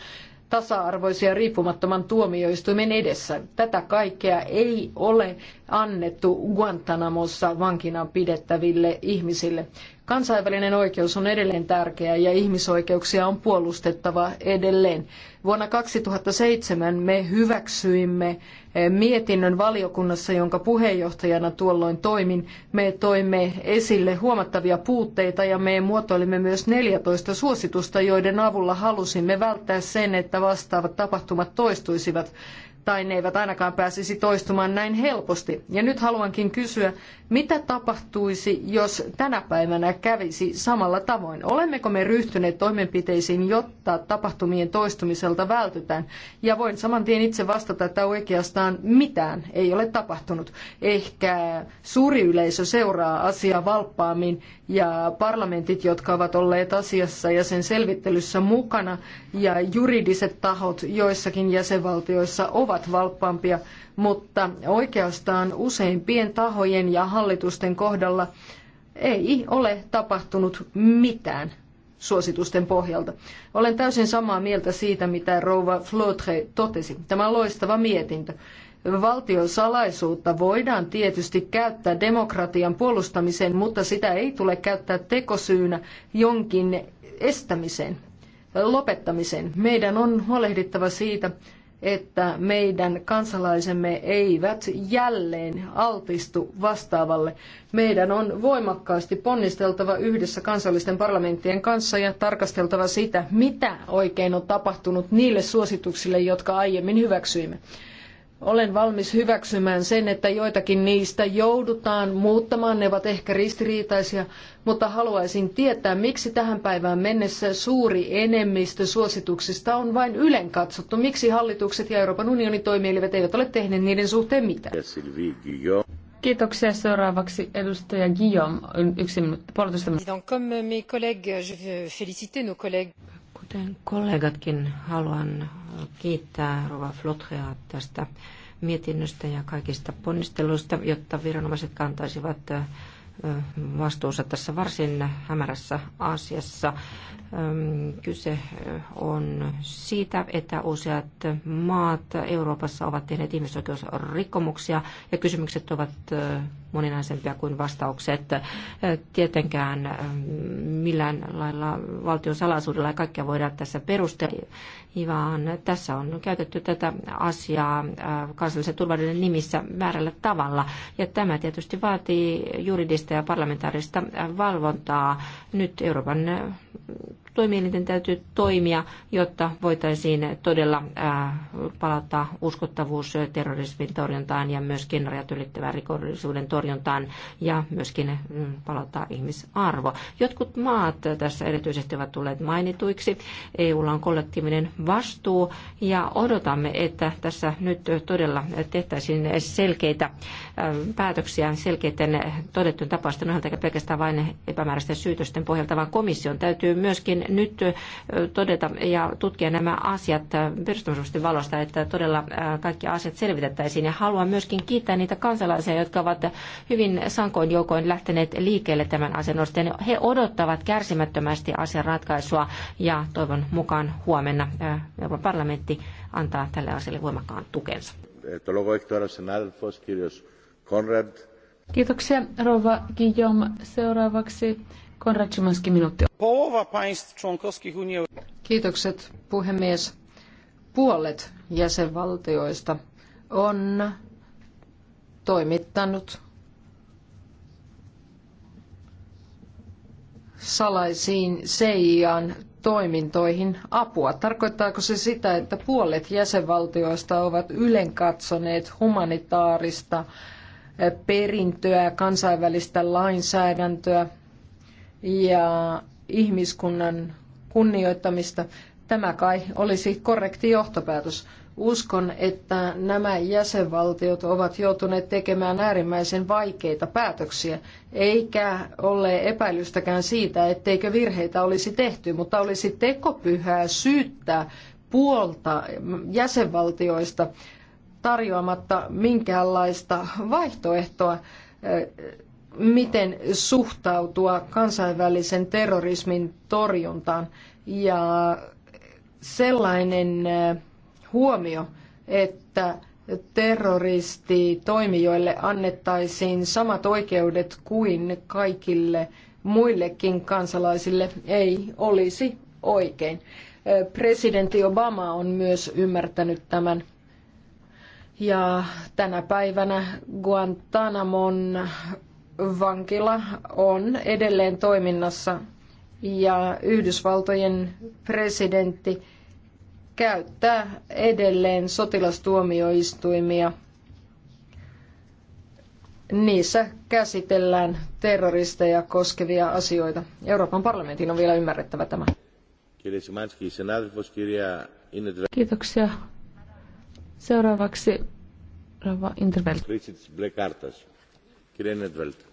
tasa-arvoisia riippumattoman tuomioistuimen edessä. Tätä kaikkea ei ole annettu Guantanamossa vankina pidettäville ihmisille. Kansainvälinen oikeus on edelleen tärkeä ja ihmisoikeuksia on puolustettava edelleen. Vuonna 2007 me hyväksyimme eh, mietinnön valiokunnassa, jonka puheenjohtajana tuolloin toimin. Me toimme esille huomattavia puutteita ja me muotoilimme myös 14 suositusta, joiden avulla halusimme välttää sen, että vastaavat tapahtumat toistuisivat tai ne eivät ainakaan pääsisi toistumaan näin helposti. Ja nyt haluankin kysyä, mitä tapahtuisi, jos tänä päivänä kävisi samalla tavoin? Olemmeko me ryhtyneet toimenpiteisiin, jotta tapahtumien toistumiselta vältytään? Ja voin saman tien itse vastata, että oikeastaan mitään ei ole tapahtunut. Ehkä suuri yleisö seuraa asiaa valppaammin ja parlamentit, jotka ovat olleet asiassa ja sen selvittelyssä mukana, ja juridiset tahot joissakin jäsenvaltioissa ovat valppaampia mutta oikeastaan useimpien tahojen ja hallitusten kohdalla ei ole tapahtunut mitään suositusten pohjalta. Olen täysin samaa mieltä siitä, mitä rouva Flotre totesi. Tämä on loistava mietintö. Valtion salaisuutta voidaan tietysti käyttää demokratian puolustamiseen, mutta sitä ei tule käyttää tekosyynä jonkin estämiseen, lopettamiseen. Meidän on huolehdittava siitä, että meidän kansalaisemme eivät jälleen altistu vastaavalle. Meidän on voimakkaasti ponnisteltava yhdessä kansallisten parlamenttien kanssa ja tarkasteltava sitä, mitä oikein on tapahtunut niille suosituksille, jotka aiemmin hyväksyimme. Olen valmis hyväksymään sen, että joitakin niistä joudutaan muuttamaan, ne ovat ehkä ristiriitaisia, mutta haluaisin tietää, miksi tähän päivään mennessä suuri enemmistö suosituksista on vain ylen katsottu. Miksi hallitukset ja Euroopan unionin toimielivät eivät ole tehneet niiden suhteen mitään? Kiitoksia. Seuraavaksi edustaja Guillaume, yksi minuutti, puolitoista minuuttia. Kuten kollegatkin, haluan kiittää Rova Flotrea tästä mietinnöstä ja kaikista ponnisteluista, jotta viranomaiset kantaisivat vastuunsa tässä varsin hämärässä asiassa. Kyse on siitä, että useat maat Euroopassa ovat tehneet ihmisoikeusrikkomuksia ja kysymykset ovat moninaisempia kuin vastaukset. Tietenkään millään lailla valtion salaisuudella ei kaikkea voida tässä perustella, vaan tässä on käytetty tätä asiaa kansallisen turvallisuuden nimissä väärällä tavalla. Ja tämä tietysti vaatii juridista ja parlamentaarista valvontaa. Nyt Euroopan toimielinten täytyy toimia, jotta voitaisiin todella palauttaa uskottavuus terrorismin torjuntaan ja myöskin rajat ylittävän rikollisuuden torjuntaan ja myöskin mm, palauttaa ihmisarvo. Jotkut maat tässä erityisesti ovat tulleet mainituiksi. EUlla on kollektiivinen vastuu ja odotamme, että tässä nyt todella tehtäisiin selkeitä päätöksiä selkeiden todettujen tapausten ohjelta, eikä pelkästään vain epämääräisten syytösten pohjalta, vaan komission täytyy myöskin nyt todeta ja tutkia nämä asiat perustumusopisten valosta, että todella kaikki asiat selvitettäisiin. Ja haluan myöskin kiittää niitä kansalaisia, jotka ovat hyvin sankoin joukoin lähteneet liikkeelle tämän asian nosteen. He odottavat kärsimättömästi asian ratkaisua ja toivon mukaan huomenna Euroopan parlamentti antaa tälle asialle voimakkaan tukensa. Το λόγο έχει τώρα κύριος Konrad. Kiitoksia, rouva Guillaume. Seuraavaksi Konrad Szymanski, minuutti. Połowa państw członkowskich Unii Kiitokset, puhemies. Puolet jäsenvaltioista on toimittanut salaisiin CIAn toimintoihin apua. Tarkoittaako se sitä, että puolet jäsenvaltioista ovat ylenkatsoneet humanitaarista perintöä, kansainvälistä lainsäädäntöä ja ihmiskunnan kunnioittamista. Tämä kai olisi korrekti johtopäätös. Uskon, että nämä jäsenvaltiot ovat joutuneet tekemään äärimmäisen vaikeita päätöksiä, eikä ole epäilystäkään siitä, etteikö virheitä olisi tehty, mutta olisi tekopyhää syyttää puolta jäsenvaltioista tarjoamatta minkäänlaista vaihtoehtoa, eh, miten suhtautua kansainvälisen terrorismin torjuntaan. Ja sellainen eh, huomio, että terroristitoimijoille annettaisiin samat oikeudet kuin kaikille muillekin kansalaisille ei olisi oikein. Eh, presidentti Obama on myös ymmärtänyt tämän ja tänä päivänä Guantanamon vankila on edelleen toiminnassa ja Yhdysvaltojen presidentti käyttää edelleen sotilastuomioistuimia. Niissä käsitellään terroristeja koskevia asioita. Euroopan parlamentin on vielä ymmärrettävä tämä. Kiitoksia. Seuraavaksi Rova Intervelt. Kirja Nedvelt.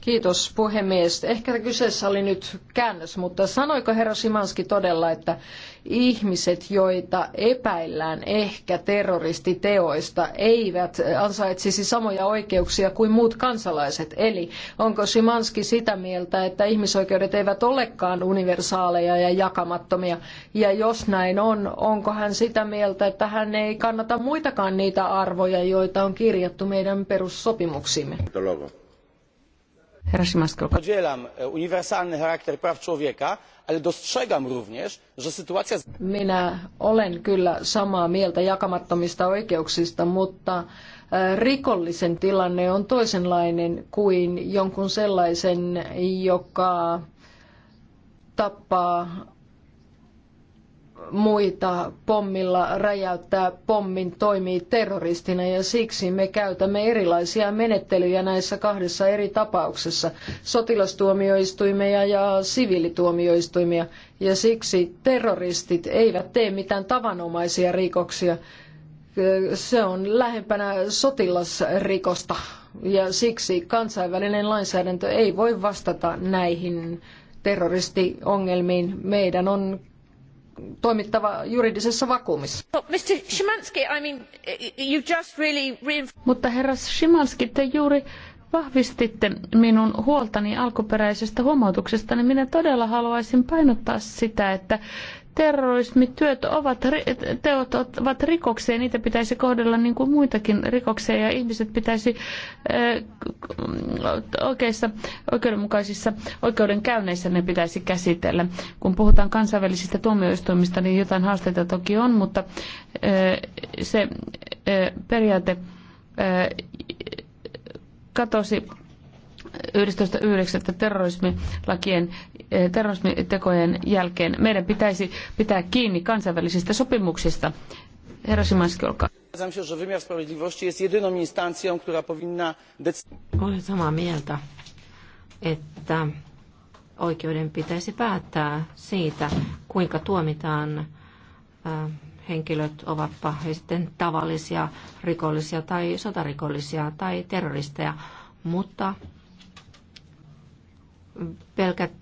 Kiitos puhemies. Ehkä kyseessä oli nyt käännös, mutta sanoiko herra Simanski todella, että ihmiset, joita epäillään ehkä terroristiteoista, eivät ansaitsisi samoja oikeuksia kuin muut kansalaiset. Eli onko Simanski sitä mieltä, että ihmisoikeudet eivät olekaan universaaleja ja jakamattomia? Ja jos näin on, onko hän sitä mieltä, että hän ei kannata muitakaan niitä arvoja, joita on kirjattu meidän perussopimuksiimme? Podzielam e, uniwersalny charakter praw człowieka, ale dostrzegam również, że sytuacja... Minä olen kyllä samaa mieltä jakamattomista oikeuksista, mutta e, rikollisen tilanne on toisenlainen kuin jonkun sellaisen, joka tappaa muita pommilla räjäyttää pommin toimii terroristina ja siksi me käytämme erilaisia menettelyjä näissä kahdessa eri tapauksessa, sotilastuomioistuimia ja siviilituomioistuimia ja siksi terroristit eivät tee mitään tavanomaisia rikoksia. Se on lähempänä sotilasrikosta ja siksi kansainvälinen lainsäädäntö ei voi vastata näihin terroristiongelmiin. Meidän on toimittava juridisessa vakuumissa. Mutta herra Shimanski, te juuri vahvistitte minun huoltani alkuperäisestä huomautuksesta, niin minä todella haluaisin painottaa sitä, että terrorismityöt ovat, teot ovat rikoksia, niitä pitäisi kohdella niin kuin muitakin rikoksia ja ihmiset pitäisi oikeissa, oikeudenmukaisissa oikeudenkäynneissä ne pitäisi käsitellä. Kun puhutaan kansainvälisistä tuomioistuimista, niin jotain haasteita toki on, mutta se periaate katosi 11.9. terrorismilakien, eh, terrorismitekojen jälkeen meidän pitäisi pitää kiinni kansainvälisistä sopimuksista. Herra Szymanski, olkaa. Zgadzam się, że wymiar sprawiedliwości jest jedyną instancją, która powinna Olen samaa mieltä, että oikeuden pitäisi päättää siitä, kuinka tuomitaan henkilöt, ovatpa he sitten tavallisia rikollisia tai sotarikollisia tai terroristeja, mutta pelkät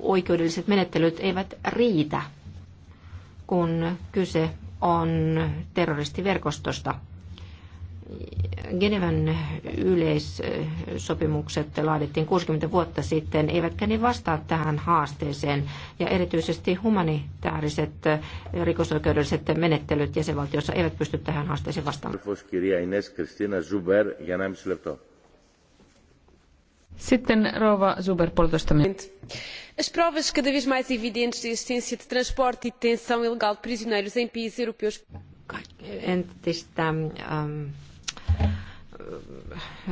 oikeudelliset menettelyt eivät riitä, kun kyse on terroristiverkostosta. Genevan yleissopimukset laadittiin 60 vuotta sitten, eivätkä ne vastaa tähän haasteeseen. Ja erityisesti humanitaariset rikosoikeudelliset menettelyt jäsenvaltiossa eivät pysty tähän haasteeseen vastaamaan. Sitten rouva Zuber, puolitoista minuuttia. As provas cada vez mais evidentes da existência de transporte e detenção ilegal de prisioneiros em países europeus. Entistä ähm,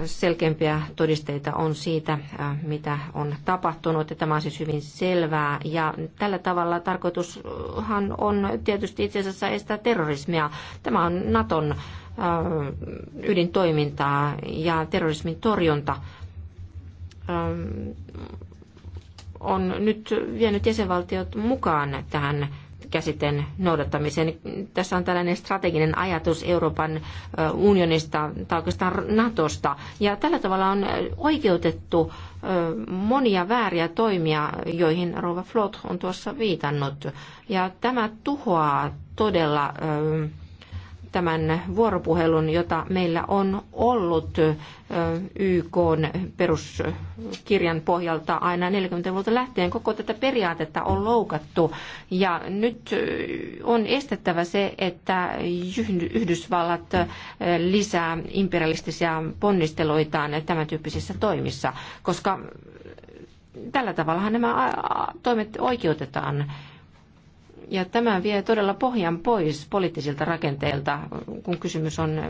selkeämpiä todisteita on siitä, äh, mitä on tapahtunut. Ja tämä on siis hyvin selvää. Ja tällä tavalla tarkoitushan on tietysti itse asiassa estää terrorismia. Tämä on Naton äh, ydintoimintaa ja terrorismin torjunta Ähm, on nyt vienyt jäsenvaltiot mukaan tähän käsitteen noudattamiseen. Tässä on tällainen strateginen ajatus Euroopan äh, unionista tai oikeastaan Natosta. Ja tällä tavalla on oikeutettu äh, monia vääriä toimia, joihin Rova Flot on tuossa viitannut. Ja tämä tuhoaa todella ähm, tämän vuoropuhelun, jota meillä on ollut YK peruskirjan pohjalta aina 40-luvulta lähtien. Koko tätä periaatetta on loukattu ja nyt on estettävä se, että Yhdysvallat lisää imperialistisia ponnisteluitaan tämän tyyppisissä toimissa, koska tällä tavallahan nämä toimet oikeutetaan ja tämä vie todella pohjan pois poliittisilta rakenteilta, kun kysymys on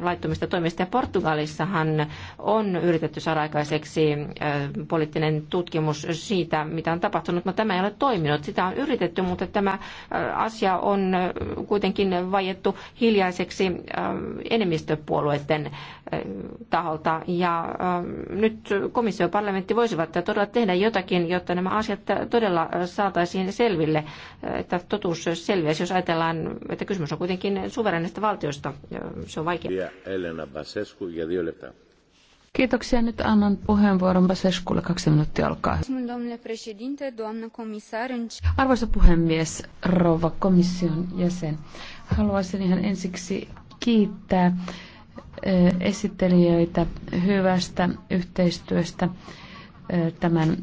laittomista toimista. Ja Portugalissahan on yritetty saada aikaiseksi poliittinen tutkimus siitä, mitä on tapahtunut, mutta tämä ei ole toiminut. Sitä on yritetty, mutta tämä asia on kuitenkin vaiettu hiljaiseksi enemmistöpuolueiden taholta. Ja nyt komissio ja parlamentti voisivat todella tehdä jotakin, jotta nämä asiat todella saataisiin selville että totuus selviäisi, jos ajatellaan, että kysymys on kuitenkin suverenista valtiosta. Se on vaikea. Elena Basescu, ja Kiitoksia. Nyt annan puheenvuoron Basescuille. Kaksi minuuttia, alkaa. Arvoisa puhemies, rouva komission jäsen. Haluaisin ihan ensiksi kiittää eh, esittelijöitä hyvästä yhteistyöstä eh, tämän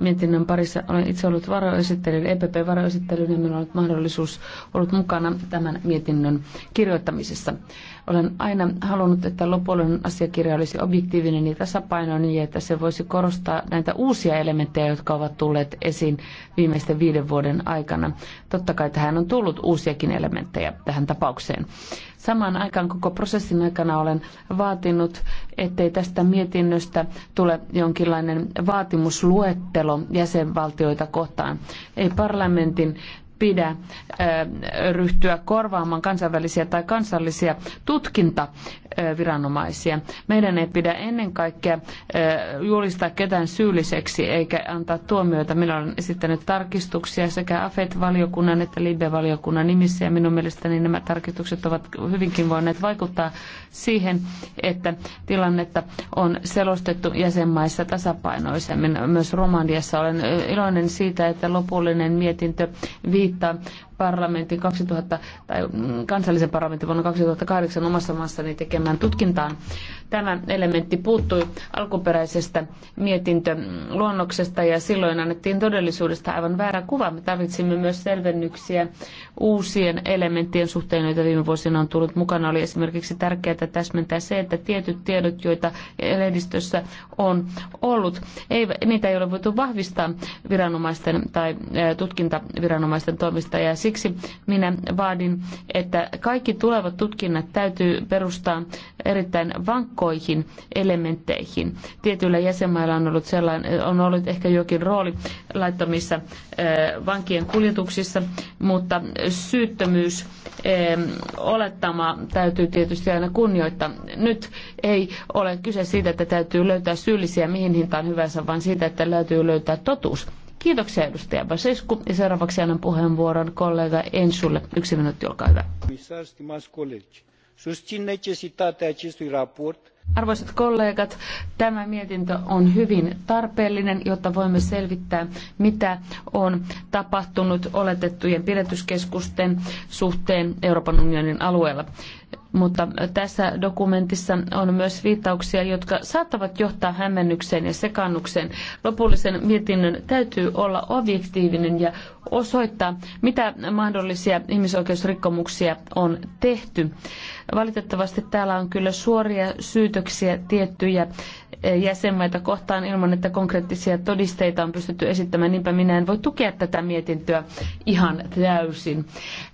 mietinnön parissa. Olen itse ollut varoesittelijä, EPP-varoesittelijä, ja minulla on ollut mahdollisuus ollut mukana tämän mietinnön kirjoittamisessa. Olen aina halunnut, että lopullinen asiakirja olisi objektiivinen ja tasapainoinen ja että se voisi korostaa näitä uusia elementtejä, jotka ovat tulleet esiin viimeisten viiden vuoden aikana. Totta kai tähän on tullut uusiakin elementtejä tähän tapaukseen. Samaan aikaan koko prosessin aikana olen vaatinut, ettei tästä mietinnöstä tule jonkinlainen vaatimusluettelo jäsenvaltioita kohtaan. Ei parlamentin pidä ryhtyä korvaamaan kansainvälisiä tai kansallisia tutkintaviranomaisia. Meidän ei pidä ennen kaikkea julistaa ketään syylliseksi eikä antaa tuomioita. Minä olen esittänyt tarkistuksia sekä AFET-valiokunnan että LIBE-valiokunnan nimissä ja minun mielestäni nämä tarkistukset ovat hyvinkin voineet vaikuttaa siihen, että tilannetta on selostettu jäsenmaissa tasapainoisemmin. Myös Romaniassa olen iloinen siitä, että lopullinen mietintö vi- kiittää parlamentin 2000, tai mm, kansallisen parlamentin vuonna 2008 omassa maassani tekemään tutkintaan. Tämä elementti puuttui alkuperäisestä mietintöluonnoksesta ja silloin annettiin todellisuudesta aivan väärä kuva. Me tarvitsimme myös selvennyksiä uusien elementtien suhteen, joita viime vuosina on tullut mukana. Oli esimerkiksi tärkeää täsmentää se, että tietyt tiedot, joita lehdistössä on ollut, ei, niitä ei ole voitu vahvistaa viranomaisten tai tutkintaviranomaisten toimista ja Siksi minä vaadin, että kaikki tulevat tutkinnat täytyy perustaa erittäin vankkoihin elementteihin. Tietyillä jäsenmailla on ollut, sellainen, on ollut ehkä jokin rooli laittomissa vankien kuljetuksissa, mutta syyttömyys olettama täytyy tietysti aina kunnioittaa. Nyt ei ole kyse siitä, että täytyy löytää syyllisiä mihin hintaan hyvänsä, vaan siitä, että täytyy löytää totuus. Kiitoksia edustaja Basescu ja seuraavaksi annan puheenvuoron kollega Ensulle. Yksi minuutti, olkaa hyvä. Arvoisat kollegat, tämä mietintö on hyvin tarpeellinen, jotta voimme selvittää, mitä on tapahtunut oletettujen pidätyskeskusten suhteen Euroopan unionin alueella. Mutta tässä dokumentissa on myös viittauksia, jotka saattavat johtaa hämmennykseen ja sekannukseen. Lopullisen mietinnön täytyy olla objektiivinen ja osoittaa, mitä mahdollisia ihmisoikeusrikkomuksia on tehty. Valitettavasti täällä on kyllä suoria syytöksiä tiettyjä e, jäsenmaita kohtaan ilman, että konkreettisia todisteita on pystytty esittämään. Niinpä minä en voi tukea tätä mietintöä ihan täysin.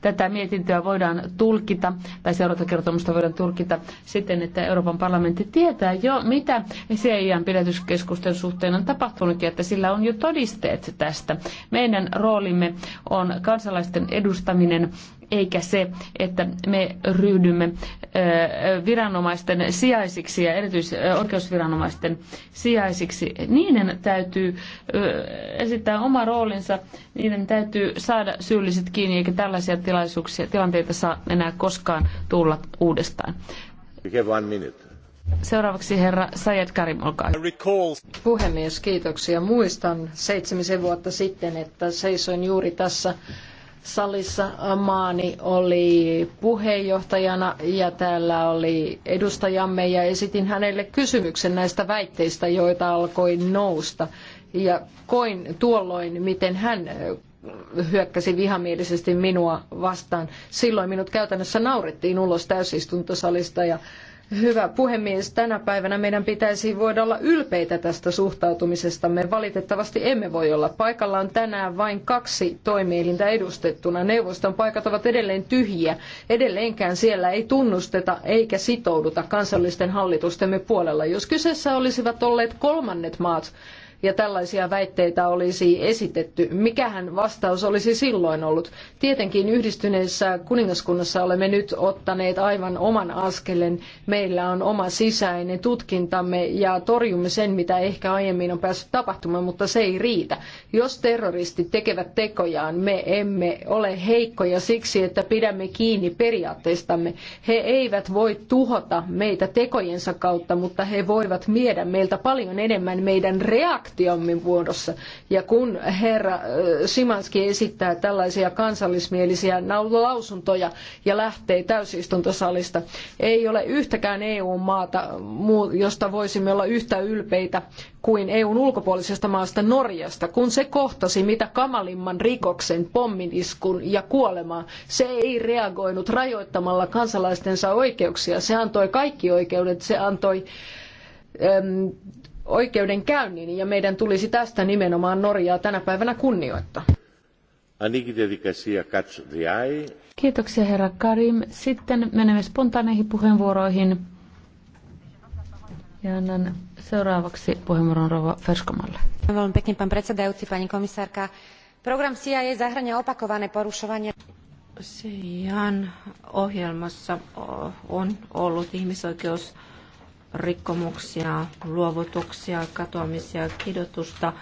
Tätä mietintöä voidaan tulkita, tai seurantakertomusta voidaan tulkita siten, että Euroopan parlamentti tietää jo, mitä CIAn pidätyskeskusten suhteen on tapahtunut ja että sillä on jo todisteet tästä. Meidän roolimme on kansalaisten edustaminen eikä se, että me ryhdymme viranomaisten sijaisiksi ja erityisoikeusviranomaisten sijaisiksi. Niiden täytyy esittää oma roolinsa, niiden täytyy saada syylliset kiinni, eikä tällaisia tilaisuuksia, tilanteita saa enää koskaan tulla uudestaan. Seuraavaksi herra Sayed Karim, olkaa Puhemies, kiitoksia. Muistan seitsemisen vuotta sitten, että seisoin juuri tässä salissa maani oli puheenjohtajana ja täällä oli edustajamme ja esitin hänelle kysymyksen näistä väitteistä, joita alkoi nousta. Ja koin tuolloin, miten hän hyökkäsi vihamielisesti minua vastaan. Silloin minut käytännössä naurettiin ulos täysistuntosalista ja Hyvä puhemies, tänä päivänä meidän pitäisi voida olla ylpeitä tästä suhtautumisestamme. Valitettavasti emme voi olla. Paikalla on tänään vain kaksi toimielintä edustettuna. Neuvoston paikat ovat edelleen tyhjiä. Edelleenkään siellä ei tunnusteta eikä sitouduta kansallisten hallitustemme puolella. Jos kyseessä olisivat olleet kolmannet maat, ja tällaisia väitteitä olisi esitetty. Mikähän vastaus olisi silloin ollut? Tietenkin yhdistyneessä kuningaskunnassa olemme nyt ottaneet aivan oman askelen. Meillä on oma sisäinen tutkintamme ja torjumme sen, mitä ehkä aiemmin on päässyt tapahtumaan, mutta se ei riitä. Jos terroristit tekevät tekojaan, me emme ole heikkoja siksi, että pidämme kiinni periaatteistamme. He eivät voi tuhota meitä tekojensa kautta, mutta he voivat viedä meiltä paljon enemmän meidän reaktioita sanktionmin muodossa. Ja kun herra Simanski esittää tällaisia kansallismielisiä lausuntoja ja lähtee täysistuntosalista, ei ole yhtäkään EU-maata, josta voisimme olla yhtä ylpeitä kuin EUn ulkopuolisesta maasta Norjasta, kun se kohtasi mitä kamalimman rikoksen, pomminiskun ja kuolemaa. Se ei reagoinut rajoittamalla kansalaistensa oikeuksia. Se antoi kaikki oikeudet, se antoi äm, oikeudenkäynnin ja meidän tulisi tästä nimenomaan Norjaa tänä päivänä kunnioittaa. Kiitoksia herra Karim. Sitten menemme spontaaneihin puheenvuoroihin. Ja annan seuraavaksi puheenvuoron Rova Ferskomalle. Veľmi pekne, pán predsedajúci, pani komisárka. Program CIA zahrania opakované porušovanie Sian ohjelmassa on ollut ihmisoikeus rikkomuksia, luovutuksia, katoamisia, kidotusta.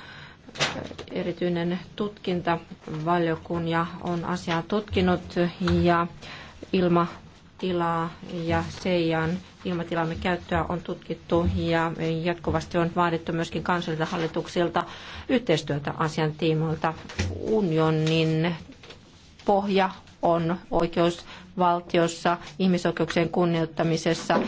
Erityinen tutkintavaliokunja on asiaa tutkinut ja ilmatilaa ja Seijan ilmatilamme käyttöä on tutkittu ja jatkuvasti on vaadittu myöskin kansallisilta hallituksilta yhteistyötä asian tiimoilta. Unionin pohja on oikeus valtiossa, ihmisoikeuksien kunnioittamisessa,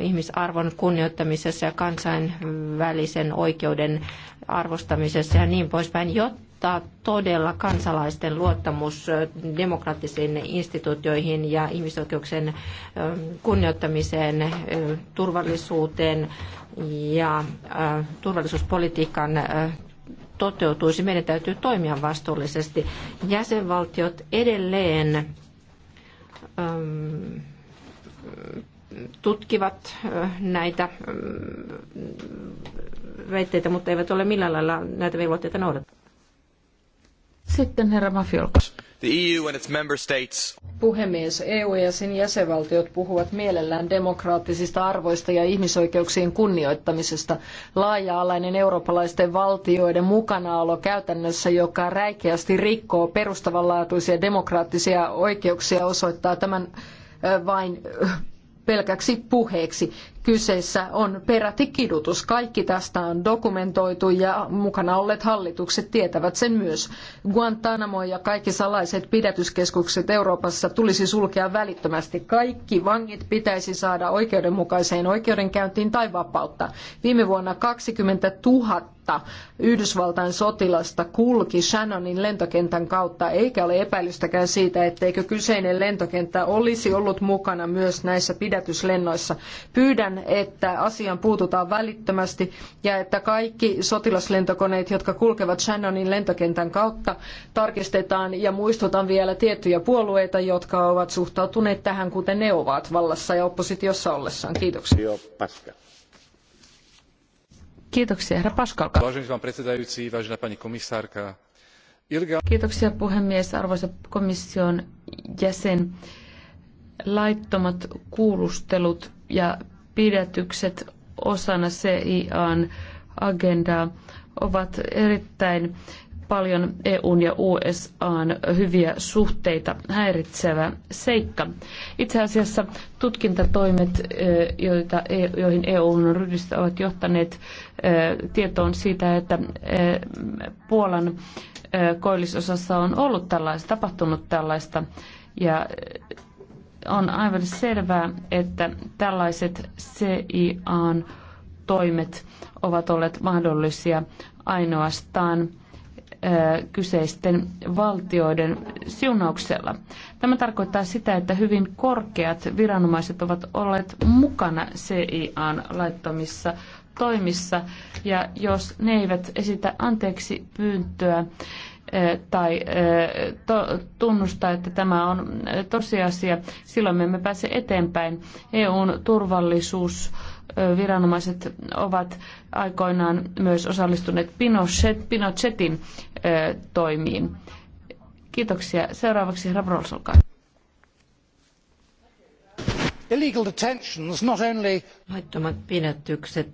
ihmisarvon kunnioittamisessa ja kansainvälisen oikeuden arvostamisessa ja niin poispäin, jotta todella kansalaisten luottamus demokraattisiin instituutioihin ja ihmisoikeuksien kunnioittamiseen, turvallisuuteen ja turvallisuuspolitiikan toteutuisi. Meidän täytyy toimia vastuullisesti. Jäsenvaltiot edelleen Ähm, tutkivat äh, näitä ähm, väitteitä, mutta eivät ole millään lailla näitä velvoitteita noudattaneet. Sitten herra Mafiolkos. The EU and its member states. Puhemies, EU ja sen jäsenvaltiot puhuvat mielellään demokraattisista arvoista ja ihmisoikeuksien kunnioittamisesta. Laaja-alainen eurooppalaisten valtioiden mukanaolo käytännössä, joka räikeästi rikkoo perustavanlaatuisia demokraattisia oikeuksia, osoittaa tämän vain pelkäksi puheeksi. Kyseessä on peräti kidutus. Kaikki tästä on dokumentoitu ja mukana olleet hallitukset tietävät sen myös. Guantanamo ja kaikki salaiset pidätyskeskukset Euroopassa tulisi sulkea välittömästi. Kaikki vangit pitäisi saada oikeudenmukaiseen oikeudenkäyntiin tai vapauttaa. Viime vuonna 20 000 Yhdysvaltain sotilasta kulki Shannonin lentokentän kautta, eikä ole epäilystäkään siitä, etteikö kyseinen lentokenttä olisi ollut mukana myös näissä pidätyslennoissa. Pyydän Pyydän, että asiaan puututaan välittömästi ja että kaikki sotilaslentokoneet, jotka kulkevat Shannonin lentokentän kautta, tarkistetaan ja muistutan vielä tiettyjä puolueita, jotka ovat suhtautuneet tähän, kuten ne ovat vallassa ja oppositiossa ollessaan. Kiitoksia. Kiitoksia, herra Paskalka. Kiitoksia puhemies, arvoisa komission jäsen laittomat kuulustelut ja pidätykset osana CIAn agendaa ovat erittäin paljon EUn ja USAn hyviä suhteita häiritsevä seikka. Itse asiassa tutkintatoimet, joita, e, joihin EU on ryhdystä, ovat johtaneet tietoon siitä, että Puolan koillisosassa on ollut tällaista, tapahtunut tällaista ja on aivan selvää, että tällaiset cia toimet ovat olleet mahdollisia ainoastaan kyseisten valtioiden siunauksella. Tämä tarkoittaa sitä, että hyvin korkeat viranomaiset ovat olleet mukana CIAn laittomissa toimissa, ja jos ne eivät esitä anteeksi pyyntöä, tai tunnusta, että tämä on tosiasia, silloin me emme pääse eteenpäin. EUn turvallisuus viranomaiset ovat aikoinaan myös osallistuneet Pinochet, Pinochetin toimiin. Kiitoksia. Seuraavaksi herra Brols, olkaa Illegal detentions, not only... Laittomat pidätykset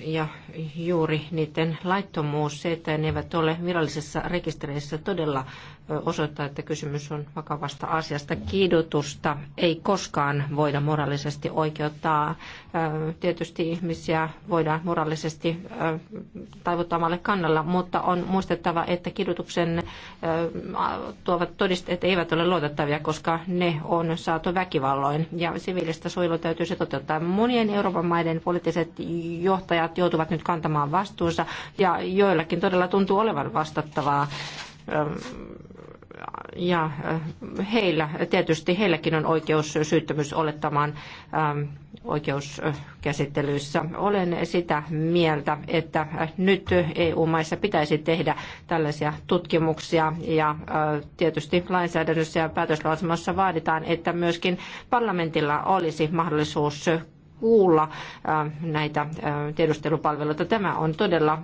ja juuri niiden laittomuus, se, että ne eivät ole virallisessa rekisterissä todella osoittaa, että kysymys on vakavasta asiasta. Kiidutusta ei koskaan voida moraalisesti oikeuttaa. Tietysti ihmisiä voidaan moraalisesti taivuttamalle kannalla, mutta on muistettava, että kidutuksen tuovat todisteet eivät ole luotettavia, koska ne on saatu väkivalloin. Ja siviilistä suojelua täytyy se toteuttaa. Monien Euroopan maiden poliittiset johtajat joutuvat nyt kantamaan vastuunsa ja joillakin todella tuntuu olevan vastattavaa ja eh, heillä, tietysti heilläkin on oikeus syyttömyys olettamaan ähm, oikeuskäsittelyissä. Eh, Olen sitä mieltä, että eh, nyt EU-maissa pitäisi tehdä tällaisia tutkimuksia ja tietysti lainsäädännössä ja päätöslausumassa vaaditaan, että myöskin parlamentilla olisi mahdollisuus kuulla näitä tiedustelupalveluita. Tämä on todella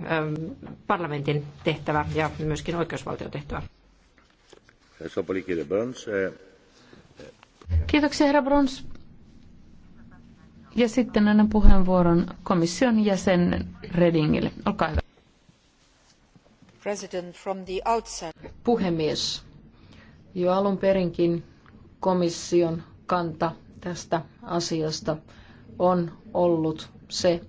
parlamentin tehtävä ja myöskin oikeusvaltiotehtävä. Eh, eh. Kiitoksia herra Brons. Ja sitten annan puheenvuoron komission jäsen Redingille. Olkaa hyvä. Puhemies, jo alun perinkin komission kanta tästä asiasta on ollut se,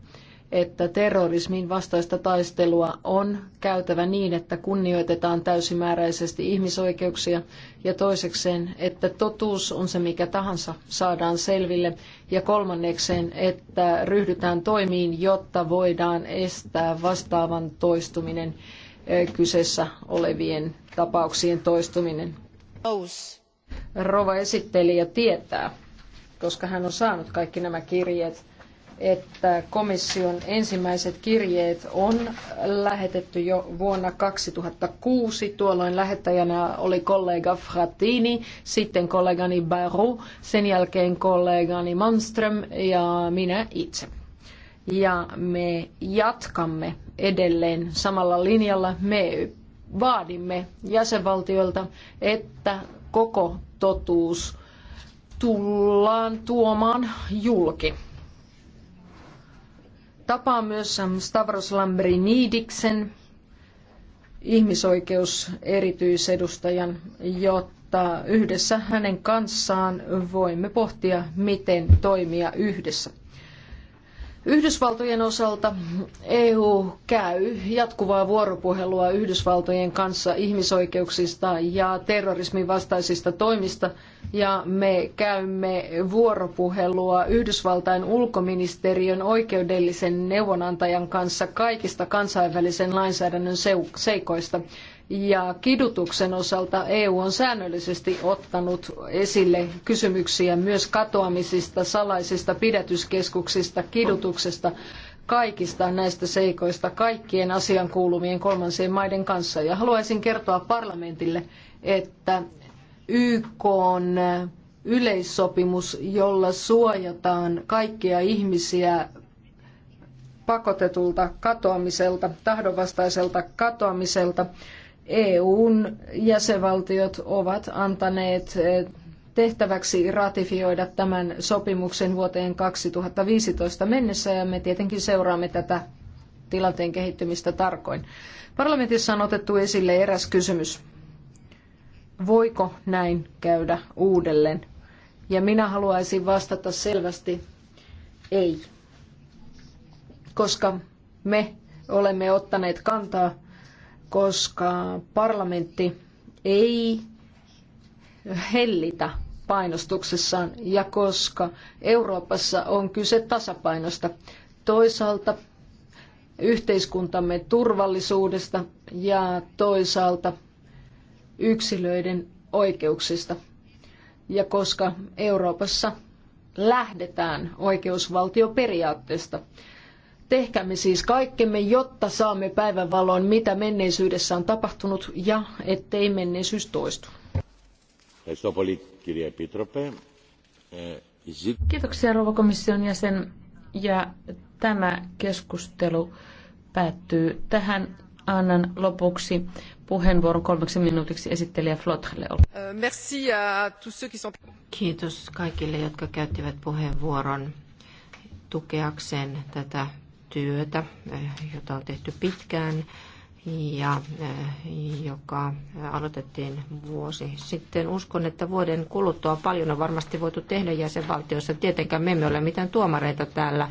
että terrorismin vastaista taistelua on käytävä niin, että kunnioitetaan täysimääräisesti ihmisoikeuksia ja toisekseen, että totuus on se mikä tahansa saadaan selville ja kolmannekseen, että ryhdytään toimiin, jotta voidaan estää vastaavan toistuminen eh, kyseessä olevien tapauksien toistuminen. Rova esittelijä tietää, koska hän on saanut kaikki nämä kirjeet että komission ensimmäiset kirjeet on lähetetty jo vuonna 2006. Tuolloin lähettäjänä oli kollega Frattini, sitten kollegani Baru, sen jälkeen kollegani Manström ja minä itse. Ja me jatkamme edelleen samalla linjalla. Me vaadimme jäsenvaltioilta, että koko totuus tullaan tuomaan julki tapaan myös Stavros Lambrinidiksen, ihmisoikeuserityisedustajan, jotta yhdessä hänen kanssaan voimme pohtia, miten toimia yhdessä. Yhdysvaltojen osalta EU käy jatkuvaa vuoropuhelua Yhdysvaltojen kanssa ihmisoikeuksista ja terrorismin vastaisista toimista ja me käymme vuoropuhelua Yhdysvaltain ulkoministeriön oikeudellisen neuvonantajan kanssa kaikista kansainvälisen lainsäädännön seikoista. Ja kidutuksen osalta EU on säännöllisesti ottanut esille kysymyksiä myös katoamisista, salaisista pidätyskeskuksista, kidutuksesta, kaikista näistä seikoista kaikkien asian kuulumien kolmansien maiden kanssa. Ja haluaisin kertoa parlamentille, että YK on yleissopimus, jolla suojataan kaikkia ihmisiä pakotetulta katoamiselta, tahdonvastaiselta katoamiselta, EUn jäsenvaltiot ovat antaneet eh, tehtäväksi ratifioida tämän sopimuksen vuoteen 2015 mennessä ja me tietenkin seuraamme tätä tilanteen kehittymistä tarkoin. Parlamentissa on otettu esille eräs kysymys. Voiko näin käydä uudelleen? Ja minä haluaisin vastata selvästi ei, koska me olemme ottaneet kantaa koska parlamentti ei hellitä painostuksessaan ja koska Euroopassa on kyse tasapainosta. Toisaalta yhteiskuntamme turvallisuudesta ja toisaalta yksilöiden oikeuksista. Ja koska Euroopassa lähdetään oikeusvaltioperiaatteesta, Tehkäämme siis kaikkemme, jotta saamme päivänvaloon, mitä menneisyydessä on tapahtunut ja ettei menneisyys toistu. Kiitoksia rouva komission jäsen ja tämä keskustelu päättyy tähän. Annan lopuksi puheenvuoron kolmeksi minuutiksi esittelijä Flotrelle. Euh, Kiitos kaikille, jotka käyttivät puheenvuoron tukeakseen tätä työtä, eh, jota on tehty pitkään ja eh, joka aloitettiin vuosi sitten. Uskon, että vuoden kuluttua paljon on varmasti voitu tehdä jäsenvaltioissa. Tietenkään me emme ole mitään tuomareita täällä.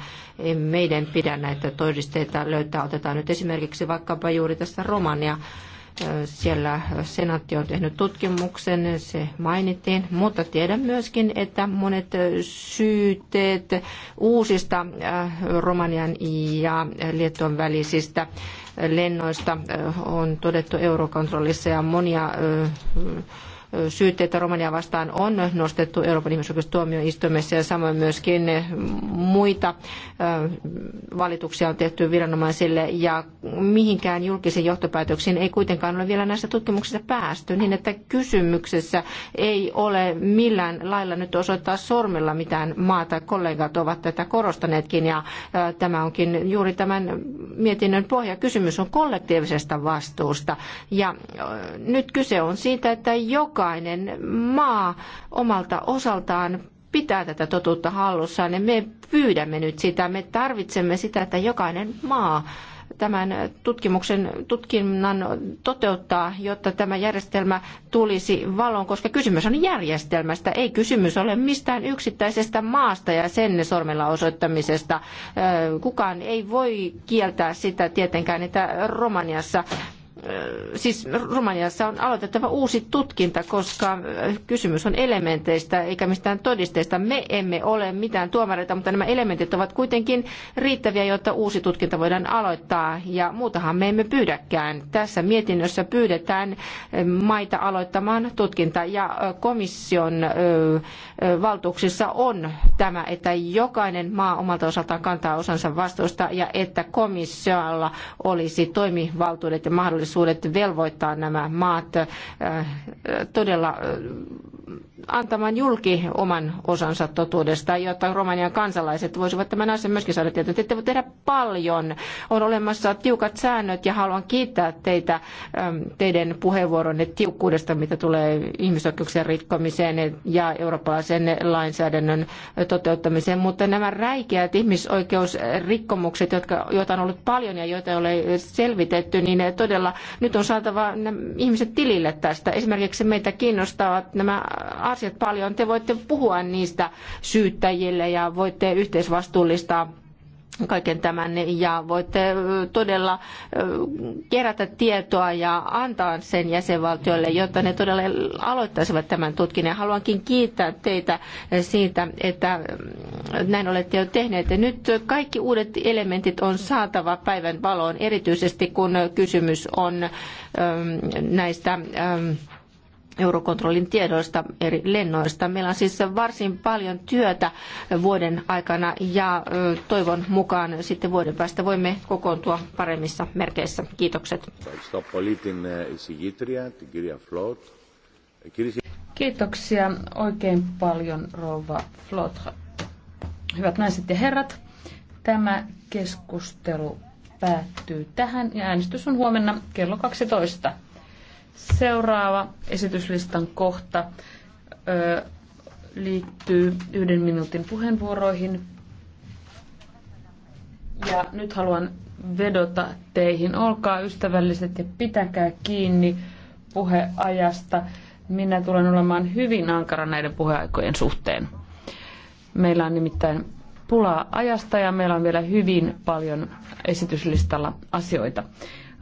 meidän pidä näitä todisteita löytää. Otetaan nyt esimerkiksi vaikkapa juuri tässä Romania siellä senaatti on tehnyt tutkimuksen, se mainittiin, mutta tiedän myöskin, että monet syytteet uusista äh, Romanian ja Liettuan välisistä lennoista äh, on todettu eurokontrollissa ja monia äh, syytteitä Romania vastaan on nostettu Euroopan ihmisoikeustuomioistuimessa ja samoin myöskin muita valituksia on tehty viranomaisille ja mihinkään julkisiin johtopäätöksiin ei kuitenkaan ole vielä näissä tutkimuksissa päästy, niin että kysymyksessä ei ole millään lailla nyt osoittaa sormella mitään maata. Kollegat ovat tätä korostaneetkin ja tämä onkin juuri tämän mietinnön pohja. Kysymys on kollektiivisesta vastuusta ja nyt kyse on siitä, että joka jokainen maa omalta osaltaan pitää tätä totuutta hallussaan ja niin me pyydämme nyt sitä. Me tarvitsemme sitä, että jokainen maa tämän tutkimuksen, tutkinnan toteuttaa, jotta tämä järjestelmä tulisi valoon, koska kysymys on järjestelmästä, ei kysymys ole mistään yksittäisestä maasta ja sen sormella osoittamisesta. Kukaan ei voi kieltää sitä tietenkään, että Romaniassa siis Romaniassa on aloitettava uusi tutkinta, koska kysymys on elementeistä eikä mistään todisteista. Me emme ole mitään tuomareita, mutta nämä elementit ovat kuitenkin riittäviä, jotta uusi tutkinta voidaan aloittaa. Ja muutahan me emme pyydäkään. Tässä mietinnössä pyydetään maita aloittamaan tutkinta. Ja komission valtuuksissa on tämä, että jokainen maa omalta osaltaan kantaa osansa vastuusta ja että komissiolla olisi toimivaltuudet ja mahdollisuudet mahdollisuudet velvoittaa nämä maat äh, todella äh, antamaan julki oman osansa totuudesta, jotta Romanian kansalaiset voisivat tämän asian myöskin saada tietoa. Te voi tehdä paljon. On olemassa tiukat säännöt ja haluan kiittää teitä teidän puheenvuoronne tiukkuudesta, mitä tulee ihmisoikeuksien rikkomiseen ja eurooppalaisen lainsäädännön toteuttamiseen. Mutta nämä räikeät ihmisoikeusrikkomukset, jotka, joita on ollut paljon ja joita ei ole selvitetty, niin todella nyt on saatava ihmiset tilille tästä. Esimerkiksi meitä kiinnostavat nämä asiat paljon. Te voitte puhua niistä syyttäjille ja voitte yhteisvastuullistaa kaiken tämän ja voitte todella kerätä tietoa ja antaa sen jäsenvaltioille, jotta ne todella aloittaisivat tämän tutkinnan. Haluankin kiittää teitä siitä, että näin olette jo tehneet. Ja nyt kaikki uudet elementit on saatava päivän valoon, erityisesti kun kysymys on näistä Eurokontrollin tiedoista eri lennoista. Meillä on siis varsin paljon työtä vuoden aikana ja toivon mukaan sitten vuoden päästä voimme kokoontua paremmissa merkeissä. Kiitokset. Kiitoksia oikein paljon rouva Flotra. Hyvät naiset ja herrat, tämä keskustelu päättyy tähän ja äänestys on huomenna kello 12. Seuraava esityslistan kohta ö, liittyy yhden minuutin puheenvuoroihin. Ja nyt haluan vedota teihin. Olkaa ystävälliset ja pitäkää kiinni puheajasta. Minä tulen olemaan hyvin ankara näiden puheaikojen suhteen. Meillä on nimittäin pulaa ajasta ja meillä on vielä hyvin paljon esityslistalla asioita.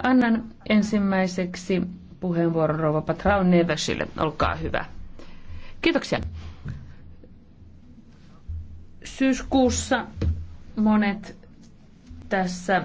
Annan ensimmäiseksi puheenvuoro rouva Patraun Neversille. Olkaa hyvä. Kiitoksia. Syyskuussa monet tässä